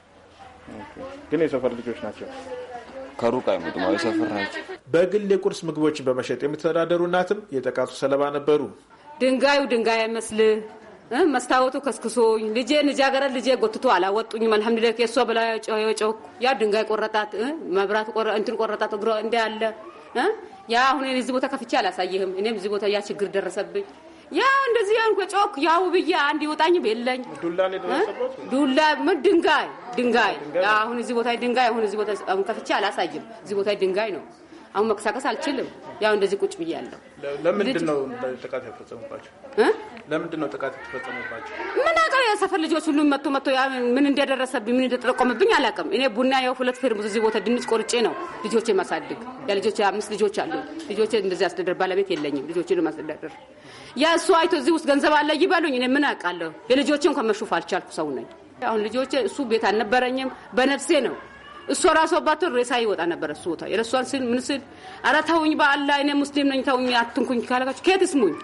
ግን የሰፈር ልጆች ናቸው። ከሩቅ አይመጡም። የሰፈር ናቸው። በግል የቁርስ ምግቦችን በመሸጥ የሚተዳደሩ እናትም የጥቃቱ ሰለባ ነበሩ። ድንጋዩ ድንጋይ አይመስልህ መስታወቱ ከስክሶኝ ልጄ ልጃገረድ ልጄ ጎትቶ አላወጡኝም። አልሐምዱሊላህ ከሷ በላይ ጮክ ያ ድንጋይ ቆረጣት፣ መብራት እንትን ቆረጣት፣ እግሮ እንደ አለ ያ አሁን እዚህ ቦታ ከፍቼ አላሳይህም። እኔም እዚህ ቦታ ያ ችግር ደረሰብኝ። ያ እንደዚህ ያን ጮክ ያው ብዬ አንድ ይወጣኝ የለኝ ዱላ ምን ድንጋይ ድንጋይ አሁን እዚህ ቦታ ድንጋይ አሁን እዚህ ቦታ ከፍቼ አላሳይም። እዚህ ቦታ ድንጋይ ነው አሁን መንቀሳቀስ አልችልም። ያው እንደዚህ ቁጭ ብያለሁ። ለምንድን ነው ጥቃት የተፈጸመባቸው? ለምንድን ነው ጥቃት የተፈጸመባቸው? ምን አውቃው? የሰፈር ልጆች ሁሉ መቶ መቶ ምን እንደደረሰብኝ ምን እንደተጠቆምብኝ አላውቅም። እኔ ቡና ያው ሁለት ፌርሙዝ እዚህ ቦታ ድንች ቆርጬ ነው ልጆቼ ማሳድግ። ያ አምስት ልጆች አሉ። ልጆቼ እንደዚህ አስተዳደር ባለቤት የለኝም። ልጆቼ ነው ማስተዳደር። ያ እሱ አይቶ እዚህ ውስጥ ገንዘብ አለ ይበሉኝ። እኔ ምን አውቃለሁ? የልጆቼ እንኳን መሹፍ አልቻልኩ ሰው ነኝ። አሁን ልጆቼ እሱ ቤት አልነበረኝም። በነፍሴ ነው እሷ ራሷ አባቷን ሬሳ ይወጣ ነበር። እሱ ወጣ የረሷን ስል ምን ስል ኧረ ተውኝ፣ በአላህ እኔ ሙስሊም ነኝ ተውኝ፣ አትንኩኝ ካለጋችሁ ከየት ስሙኝ።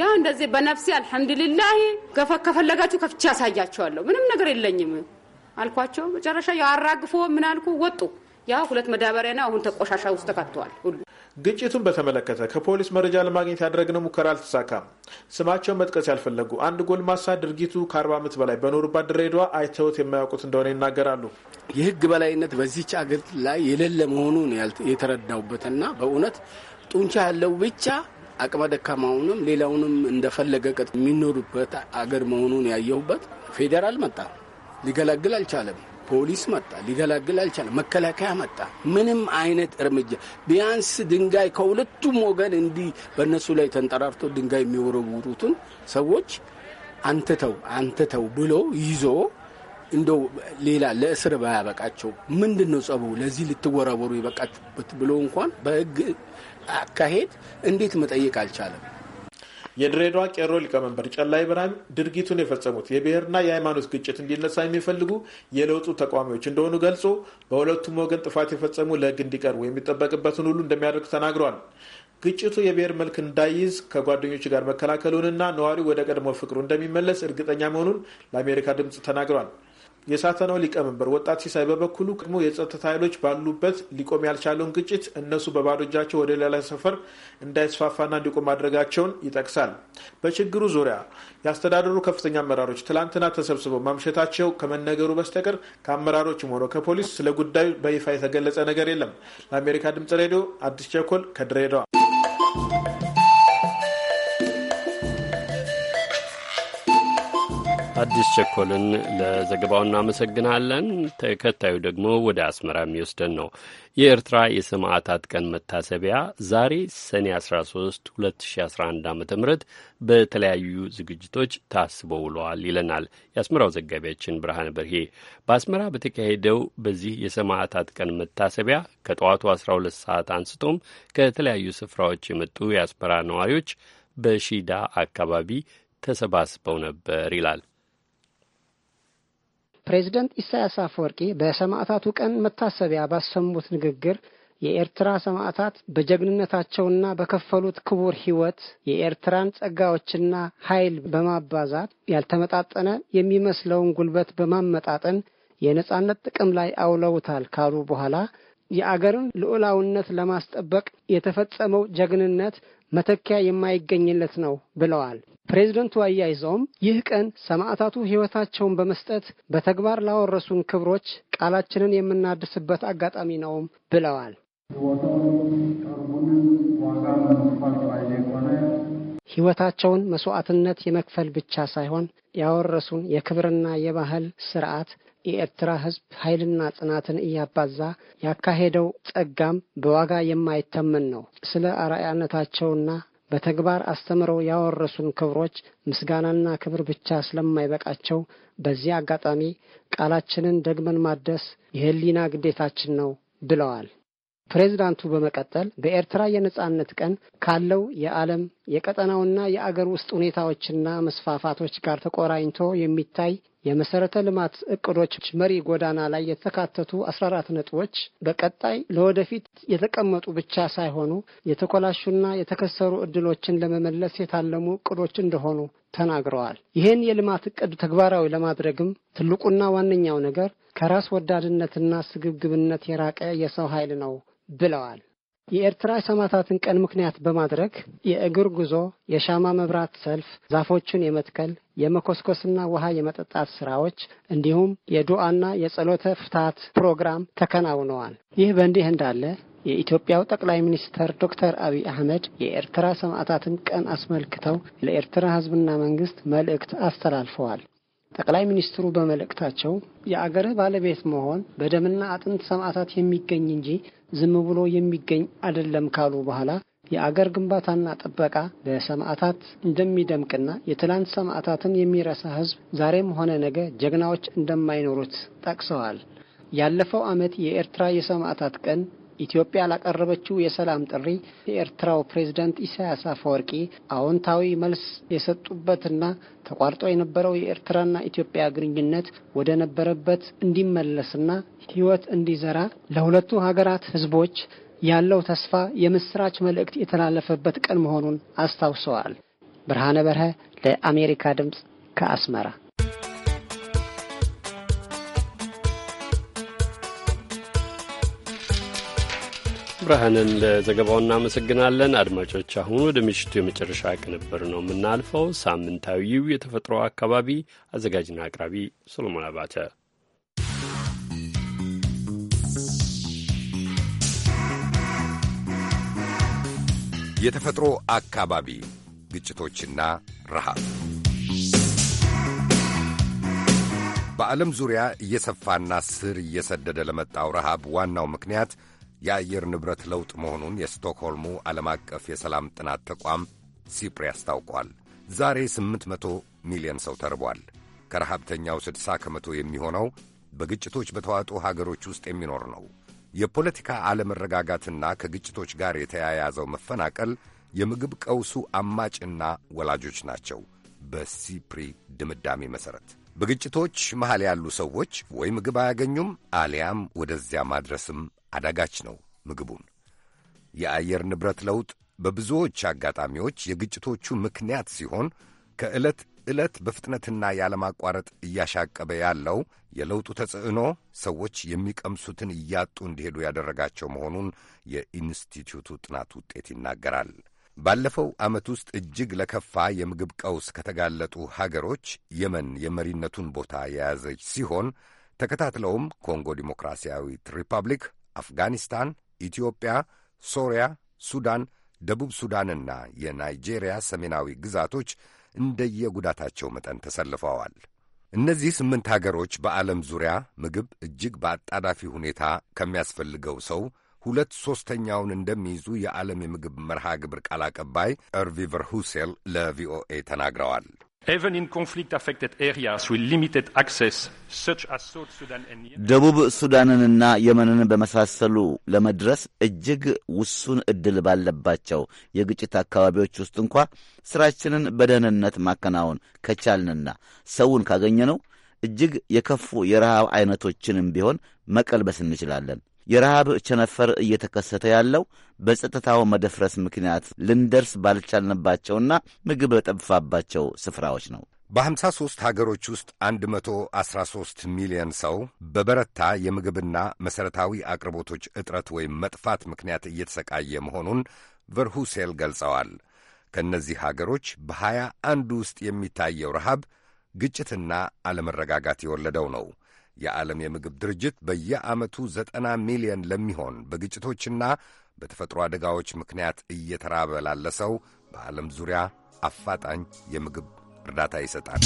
ያ እንደዚህ በነፍሴ አልሐምዱሊላህ ከፈለጋችሁ ከፍቼ ያሳያችኋለሁ፣ ምንም ነገር የለኝም አልኳቸው። መጨረሻ ያው አራግፎ ምን አልኩ ወጡ። ያ ሁለት መዳበሪያና አሁን ተቆሻሻ ውስጥ ተካተዋል ሁሉ ግጭቱን በተመለከተ ከፖሊስ መረጃ ለማግኘት ያደረግነው ሙከራ አልተሳካም። ስማቸውን መጥቀስ ያልፈለጉ አንድ ጎልማሳ ድርጊቱ ከአርባ ዓመት በላይ በኖሩባት ድሬዳዋ አይተውት የማያውቁት እንደሆነ ይናገራሉ። የህግ በላይነት በዚች አገር ላይ የሌለ መሆኑን የተረዳውበትና በእውነት ጡንቻ ያለው ብቻ አቅመ ደካማውንም ሌላውንም እንደፈለገ ቀጥ የሚኖሩበት አገር መሆኑን ያየሁበት ፌዴራል መጣ ሊገላግል አልቻለም። ፖሊስ መጣ፣ ሊገላግል አልቻለም። መከላከያ መጣ። ምንም አይነት እርምጃ ቢያንስ ድንጋይ ከሁለቱም ወገን እንዲህ በእነሱ ላይ ተንጠራርቶ ድንጋይ የሚወረውሩትን ሰዎች አንተተው አንተተው ብሎ ይዞ እንደው ሌላ ለእስር ባያበቃቸው ምንድን ነው ጸቡ? ለዚህ ልትወራወሩ ይበቃችሁበት ብሎ እንኳን በህግ አካሄድ እንዴት መጠየቅ አልቻለም? የድሬዳዋ ቄሮ ሊቀመንበር ጨላይ ብርሃን ድርጊቱን የፈጸሙት የብሔርና የሃይማኖት ግጭት እንዲነሳ የሚፈልጉ የለውጡ ተቃዋሚዎች እንደሆኑ ገልጾ በሁለቱም ወገን ጥፋት የፈጸሙ ለህግ እንዲቀርቡ የሚጠበቅበትን ሁሉ እንደሚያደርግ ተናግረዋል። ግጭቱ የብሔር መልክ እንዳይይዝ ከጓደኞች ጋር መከላከሉንና ነዋሪው ወደ ቀድሞ ፍቅሩ እንደሚመለስ እርግጠኛ መሆኑን ለአሜሪካ ድምፅ ተናግረዋል። የሳተናው ሊቀመንበር ወጣት ሲሳይ በበኩሉ ቅድሞ የጸጥታ ኃይሎች ባሉበት ሊቆም ያልቻለውን ግጭት እነሱ በባዶ እጃቸው ወደ ሌላ ሰፈር እንዳይስፋፋና እንዲቆም ማድረጋቸውን ይጠቅሳል። በችግሩ ዙሪያ የአስተዳደሩ ከፍተኛ አመራሮች ትላንትና ተሰብስበው ማምሸታቸው ከመነገሩ በስተቀር ከአመራሮችም ሆነ ከፖሊስ ስለ ጉዳዩ በይፋ የተገለጸ ነገር የለም። ለአሜሪካ ድምጽ ሬዲዮ አዲስ ቸኮል ከድሬዳዋ አዲስ ቸኮልን ለዘገባው እናመሰግናለን። ተከታዩ ደግሞ ወደ አስመራ የሚወስደን ነው። የኤርትራ የሰማዕታት ቀን መታሰቢያ ዛሬ ሰኔ 13 2011 ዓ ም በተለያዩ ዝግጅቶች ታስቦ ውለዋል ይለናል የአስመራው ዘጋቢያችን ብርሃነ በርሄ። በአስመራ በተካሄደው በዚህ የሰማዕታት ቀን መታሰቢያ ከጠዋቱ 12 ሰዓት አንስቶም ከተለያዩ ስፍራዎች የመጡ የአስመራ ነዋሪዎች በሺዳ አካባቢ ተሰባስበው ነበር ይላል ፕሬዚደንት ኢሳያስ አፈወርቂ በሰማዕታቱ ቀን መታሰቢያ ባሰሙት ንግግር የኤርትራ ሰማዕታት በጀግንነታቸውና በከፈሉት ክቡር ሕይወት የኤርትራን ጸጋዎችና ኃይል በማባዛት ያልተመጣጠነ የሚመስለውን ጉልበት በማመጣጠን የነጻነት ጥቅም ላይ አውለውታል ካሉ በኋላ የአገርን ልዑላውነት ለማስጠበቅ የተፈጸመው ጀግንነት መተኪያ የማይገኝለት ነው ብለዋል። ፕሬዚደንቱ አያይዘውም ይህ ቀን ሰማዕታቱ ህይወታቸውን በመስጠት በተግባር ላወረሱን ክብሮች ቃላችንን የምናድስበት አጋጣሚ ነው ብለዋል። ህይወታቸውን መስዋዕትነት የመክፈል ብቻ ሳይሆን ያወረሱን የክብርና የባህል ስርዓት የኤርትራ ህዝብ ኃይልና ጽናትን እያባዛ ያካሄደው ጸጋም በዋጋ የማይተመን ነው። ስለ አርአያነታቸውና በተግባር አስተምረው ያወረሱን ክብሮች ምስጋናና ክብር ብቻ ስለማይበቃቸው በዚህ አጋጣሚ ቃላችንን ደግመን ማደስ የህሊና ግዴታችን ነው ብለዋል። ፕሬዚዳንቱ በመቀጠል በኤርትራ የነጻነት ቀን ካለው የዓለም የቀጠናውና የአገር ውስጥ ሁኔታዎችና መስፋፋቶች ጋር ተቆራኝቶ የሚታይ የመሰረተ ልማት እቅዶች መሪ ጎዳና ላይ የተካተቱ 14 ነጥቦች በቀጣይ ለወደፊት የተቀመጡ ብቻ ሳይሆኑ የተኮላሹና የተከሰሩ እድሎችን ለመመለስ የታለሙ እቅዶች እንደሆኑ ተናግረዋል። ይህን የልማት እቅድ ተግባራዊ ለማድረግም ትልቁና ዋነኛው ነገር ከራስ ወዳድነትና ስግብግብነት የራቀ የሰው ኃይል ነው ብለዋል። የኤርትራ ሰማዕታትን ቀን ምክንያት በማድረግ የእግር ጉዞ፣ የሻማ መብራት ሰልፍ፣ ዛፎችን የመትከል የመኮስኮስና ውሃ የመጠጣት ስራዎች እንዲሁም የዱዓና የጸሎተ ፍታት ፕሮግራም ተከናውነዋል። ይህ በእንዲህ እንዳለ የኢትዮጵያው ጠቅላይ ሚኒስትር ዶክተር አብይ አህመድ የኤርትራ ሰማዕታትን ቀን አስመልክተው ለኤርትራ ሕዝብና መንግስት መልእክት አስተላልፈዋል። ጠቅላይ ሚኒስትሩ በመልእክታቸው የአገርህ ባለቤት መሆን በደምና አጥንት ሰማዕታት የሚገኝ እንጂ ዝም ብሎ የሚገኝ አይደለም ካሉ በኋላ የአገር ግንባታና ጥበቃ በሰማዕታት እንደሚደምቅና የትላንት ሰማዕታትን የሚረሳ ሕዝብ ዛሬም ሆነ ነገ ጀግናዎች እንደማይኖሩት ጠቅሰዋል። ያለፈው ዓመት የኤርትራ የሰማዕታት ቀን ኢትዮጵያ ላቀረበችው የሰላም ጥሪ የኤርትራው ፕሬዝዳንት ኢሳያስ አፈወርቂ አዎንታዊ መልስ የሰጡበትና ተቋርጦ የነበረው የኤርትራና ኢትዮጵያ ግንኙነት ወደ ነበረበት እንዲመለስና ሕይወት እንዲዘራ ለሁለቱ ሀገራት ሕዝቦች ያለው ተስፋ የምስራች መልእክት የተላለፈበት ቀን መሆኑን አስታውሰዋል። ብርሃነ በርሀ ለአሜሪካ ድምፅ ከአስመራ ብርሃንን ለዘገባው እናመሰግናለን። አድማጮች፣ አሁን ወደ ምሽቱ የመጨረሻ ቅንብር ነው የምናልፈው። ሳምንታዊው የተፈጥሮ አካባቢ አዘጋጅና አቅራቢ ሰሎሞን አባተ የተፈጥሮ አካባቢ ግጭቶችና ረሃብ በዓለም ዙሪያ እየሰፋና ስር እየሰደደ ለመጣው ረሃብ ዋናው ምክንያት የአየር ንብረት ለውጥ መሆኑን የስቶክሆልሙ ዓለም አቀፍ የሰላም ጥናት ተቋም ሲፕሪ አስታውቋል። ዛሬ 800 ሚሊዮን ሰው ተርቧል። ከረሃብተኛው 60 ከመቶ የሚሆነው በግጭቶች በተዋጡ ሀገሮች ውስጥ የሚኖር ነው። የፖለቲካ አለመረጋጋትና ከግጭቶች ጋር የተያያዘው መፈናቀል የምግብ ቀውሱ አማጭና ወላጆች ናቸው። በሲፕሪ ድምዳሜ መሠረት በግጭቶች መሃል ያሉ ሰዎች ወይ ምግብ አያገኙም አሊያም ወደዚያ ማድረስም አዳጋች ነው ምግቡን። የአየር ንብረት ለውጥ በብዙዎች አጋጣሚዎች የግጭቶቹ ምክንያት ሲሆን ከዕለት ዕለት በፍጥነትና ያለማቋረጥ እያሻቀበ ያለው የለውጡ ተጽዕኖ ሰዎች የሚቀምሱትን እያጡ እንዲሄዱ ያደረጋቸው መሆኑን የኢንስቲትዩቱ ጥናት ውጤት ይናገራል። ባለፈው ዓመት ውስጥ እጅግ ለከፋ የምግብ ቀውስ ከተጋለጡ ሀገሮች የመን የመሪነቱን ቦታ የያዘች ሲሆን ተከታትለውም ኮንጎ ዲሞክራሲያዊት ሪፐብሊክ፣ አፍጋኒስታን፣ ኢትዮጵያ፣ ሶሪያ፣ ሱዳን፣ ደቡብ ሱዳንና የናይጄሪያ ሰሜናዊ ግዛቶች እንደየጉዳታቸው መጠን ተሰልፈዋል። እነዚህ ስምንት ሀገሮች በዓለም ዙሪያ ምግብ እጅግ በአጣዳፊ ሁኔታ ከሚያስፈልገው ሰው ሁለት ሦስተኛውን እንደሚይዙ የዓለም የምግብ መርሃ ግብር ቃል አቀባይ እርቪቨር ሁሴል ለቪኦኤ ተናግረዋል። ደቡብ ሱዳንንና የመንን በመሳሰሉ ለመድረስ እጅግ ውሱን ዕድል ባለባቸው የግጭት አካባቢዎች ውስጥ እንኳ ሥራችንን በደህንነት ማከናወን ከቻልንና ሰውን ካገኘነው እጅግ የከፉ የረሃብ ዐይነቶችንም ቢሆን መቀልበስ እንችላለን። የረሃብ ቸነፈር እየተከሰተ ያለው በጸጥታው መደፍረስ ምክንያት ልንደርስ ባልቻልንባቸውና ምግብ በጠፋባቸው ስፍራዎች ነው። በ53 ሀገሮች ውስጥ 113 ሚሊዮን ሰው በበረታ የምግብና መሠረታዊ አቅርቦቶች እጥረት ወይም መጥፋት ምክንያት እየተሰቃየ መሆኑን ቨርሁሴል ገልጸዋል። ከእነዚህ ሀገሮች በ አንድ ውስጥ የሚታየው ረሃብ ግጭትና አለመረጋጋት የወለደው ነው። የዓለም የምግብ ድርጅት በየዓመቱ ዘጠና ሚሊዮን ለሚሆን በግጭቶችና በተፈጥሮ አደጋዎች ምክንያት እየተራበ ላለ ሰው በዓለም ዙሪያ አፋጣኝ የምግብ እርዳታ ይሰጣል።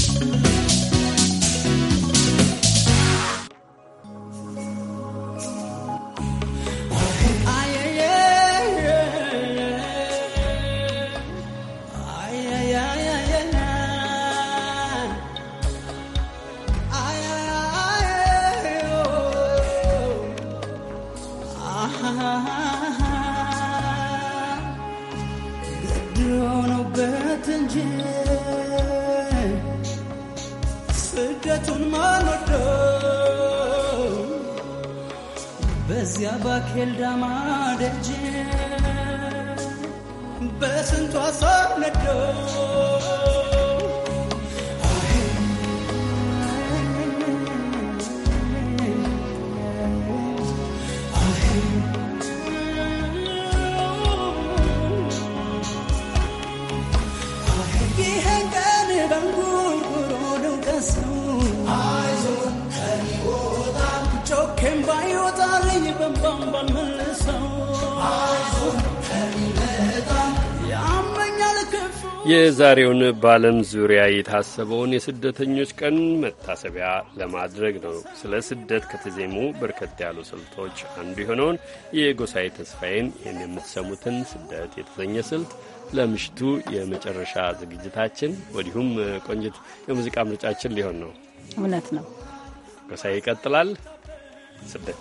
ኬልዳማ ደጅ በስንቱ አሳብ ነደው የዛሬውን በዓለም ዙሪያ የታሰበውን የስደተኞች ቀን መታሰቢያ ለማድረግ ነው። ስለ ስደት ከተዜሙ በርከት ያሉ ስልቶች አንዱ የሆነውን የጎሳዬ ተስፋዬን የምትሰሙትን ስደት የተሰኘ ስልት ለምሽቱ የመጨረሻ ዝግጅታችን ወዲሁም ቆንጅት የሙዚቃ ምርጫችን ሊሆን ነው። እውነት ነው። ጎሳዬ ይቀጥላል። ስደት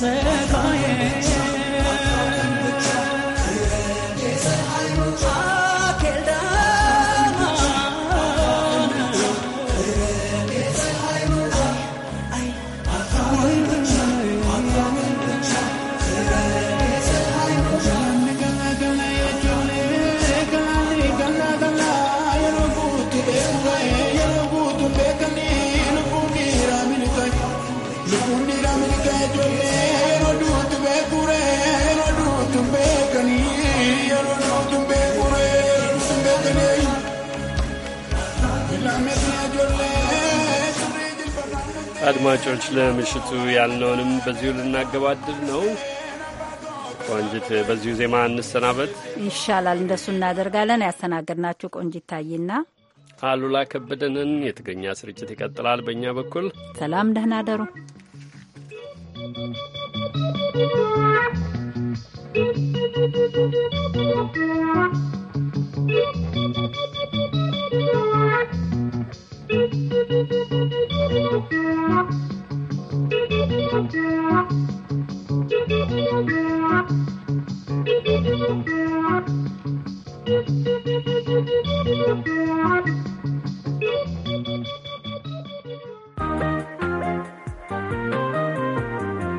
sevdaye አድማጮች ለምሽቱ ያልነውንም በዚሁ ልናገባድር ነው። ቆንጂት በዚሁ ዜማ እንሰናበት ይሻላል። እንደሱ እናደርጋለን። ያስተናገድናችሁ ቆንጂት ታይና አሉላ ከበደንን። የትግርኛ ስርጭት ይቀጥላል። በእኛ በኩል ሰላም፣ ደህና ደሩ።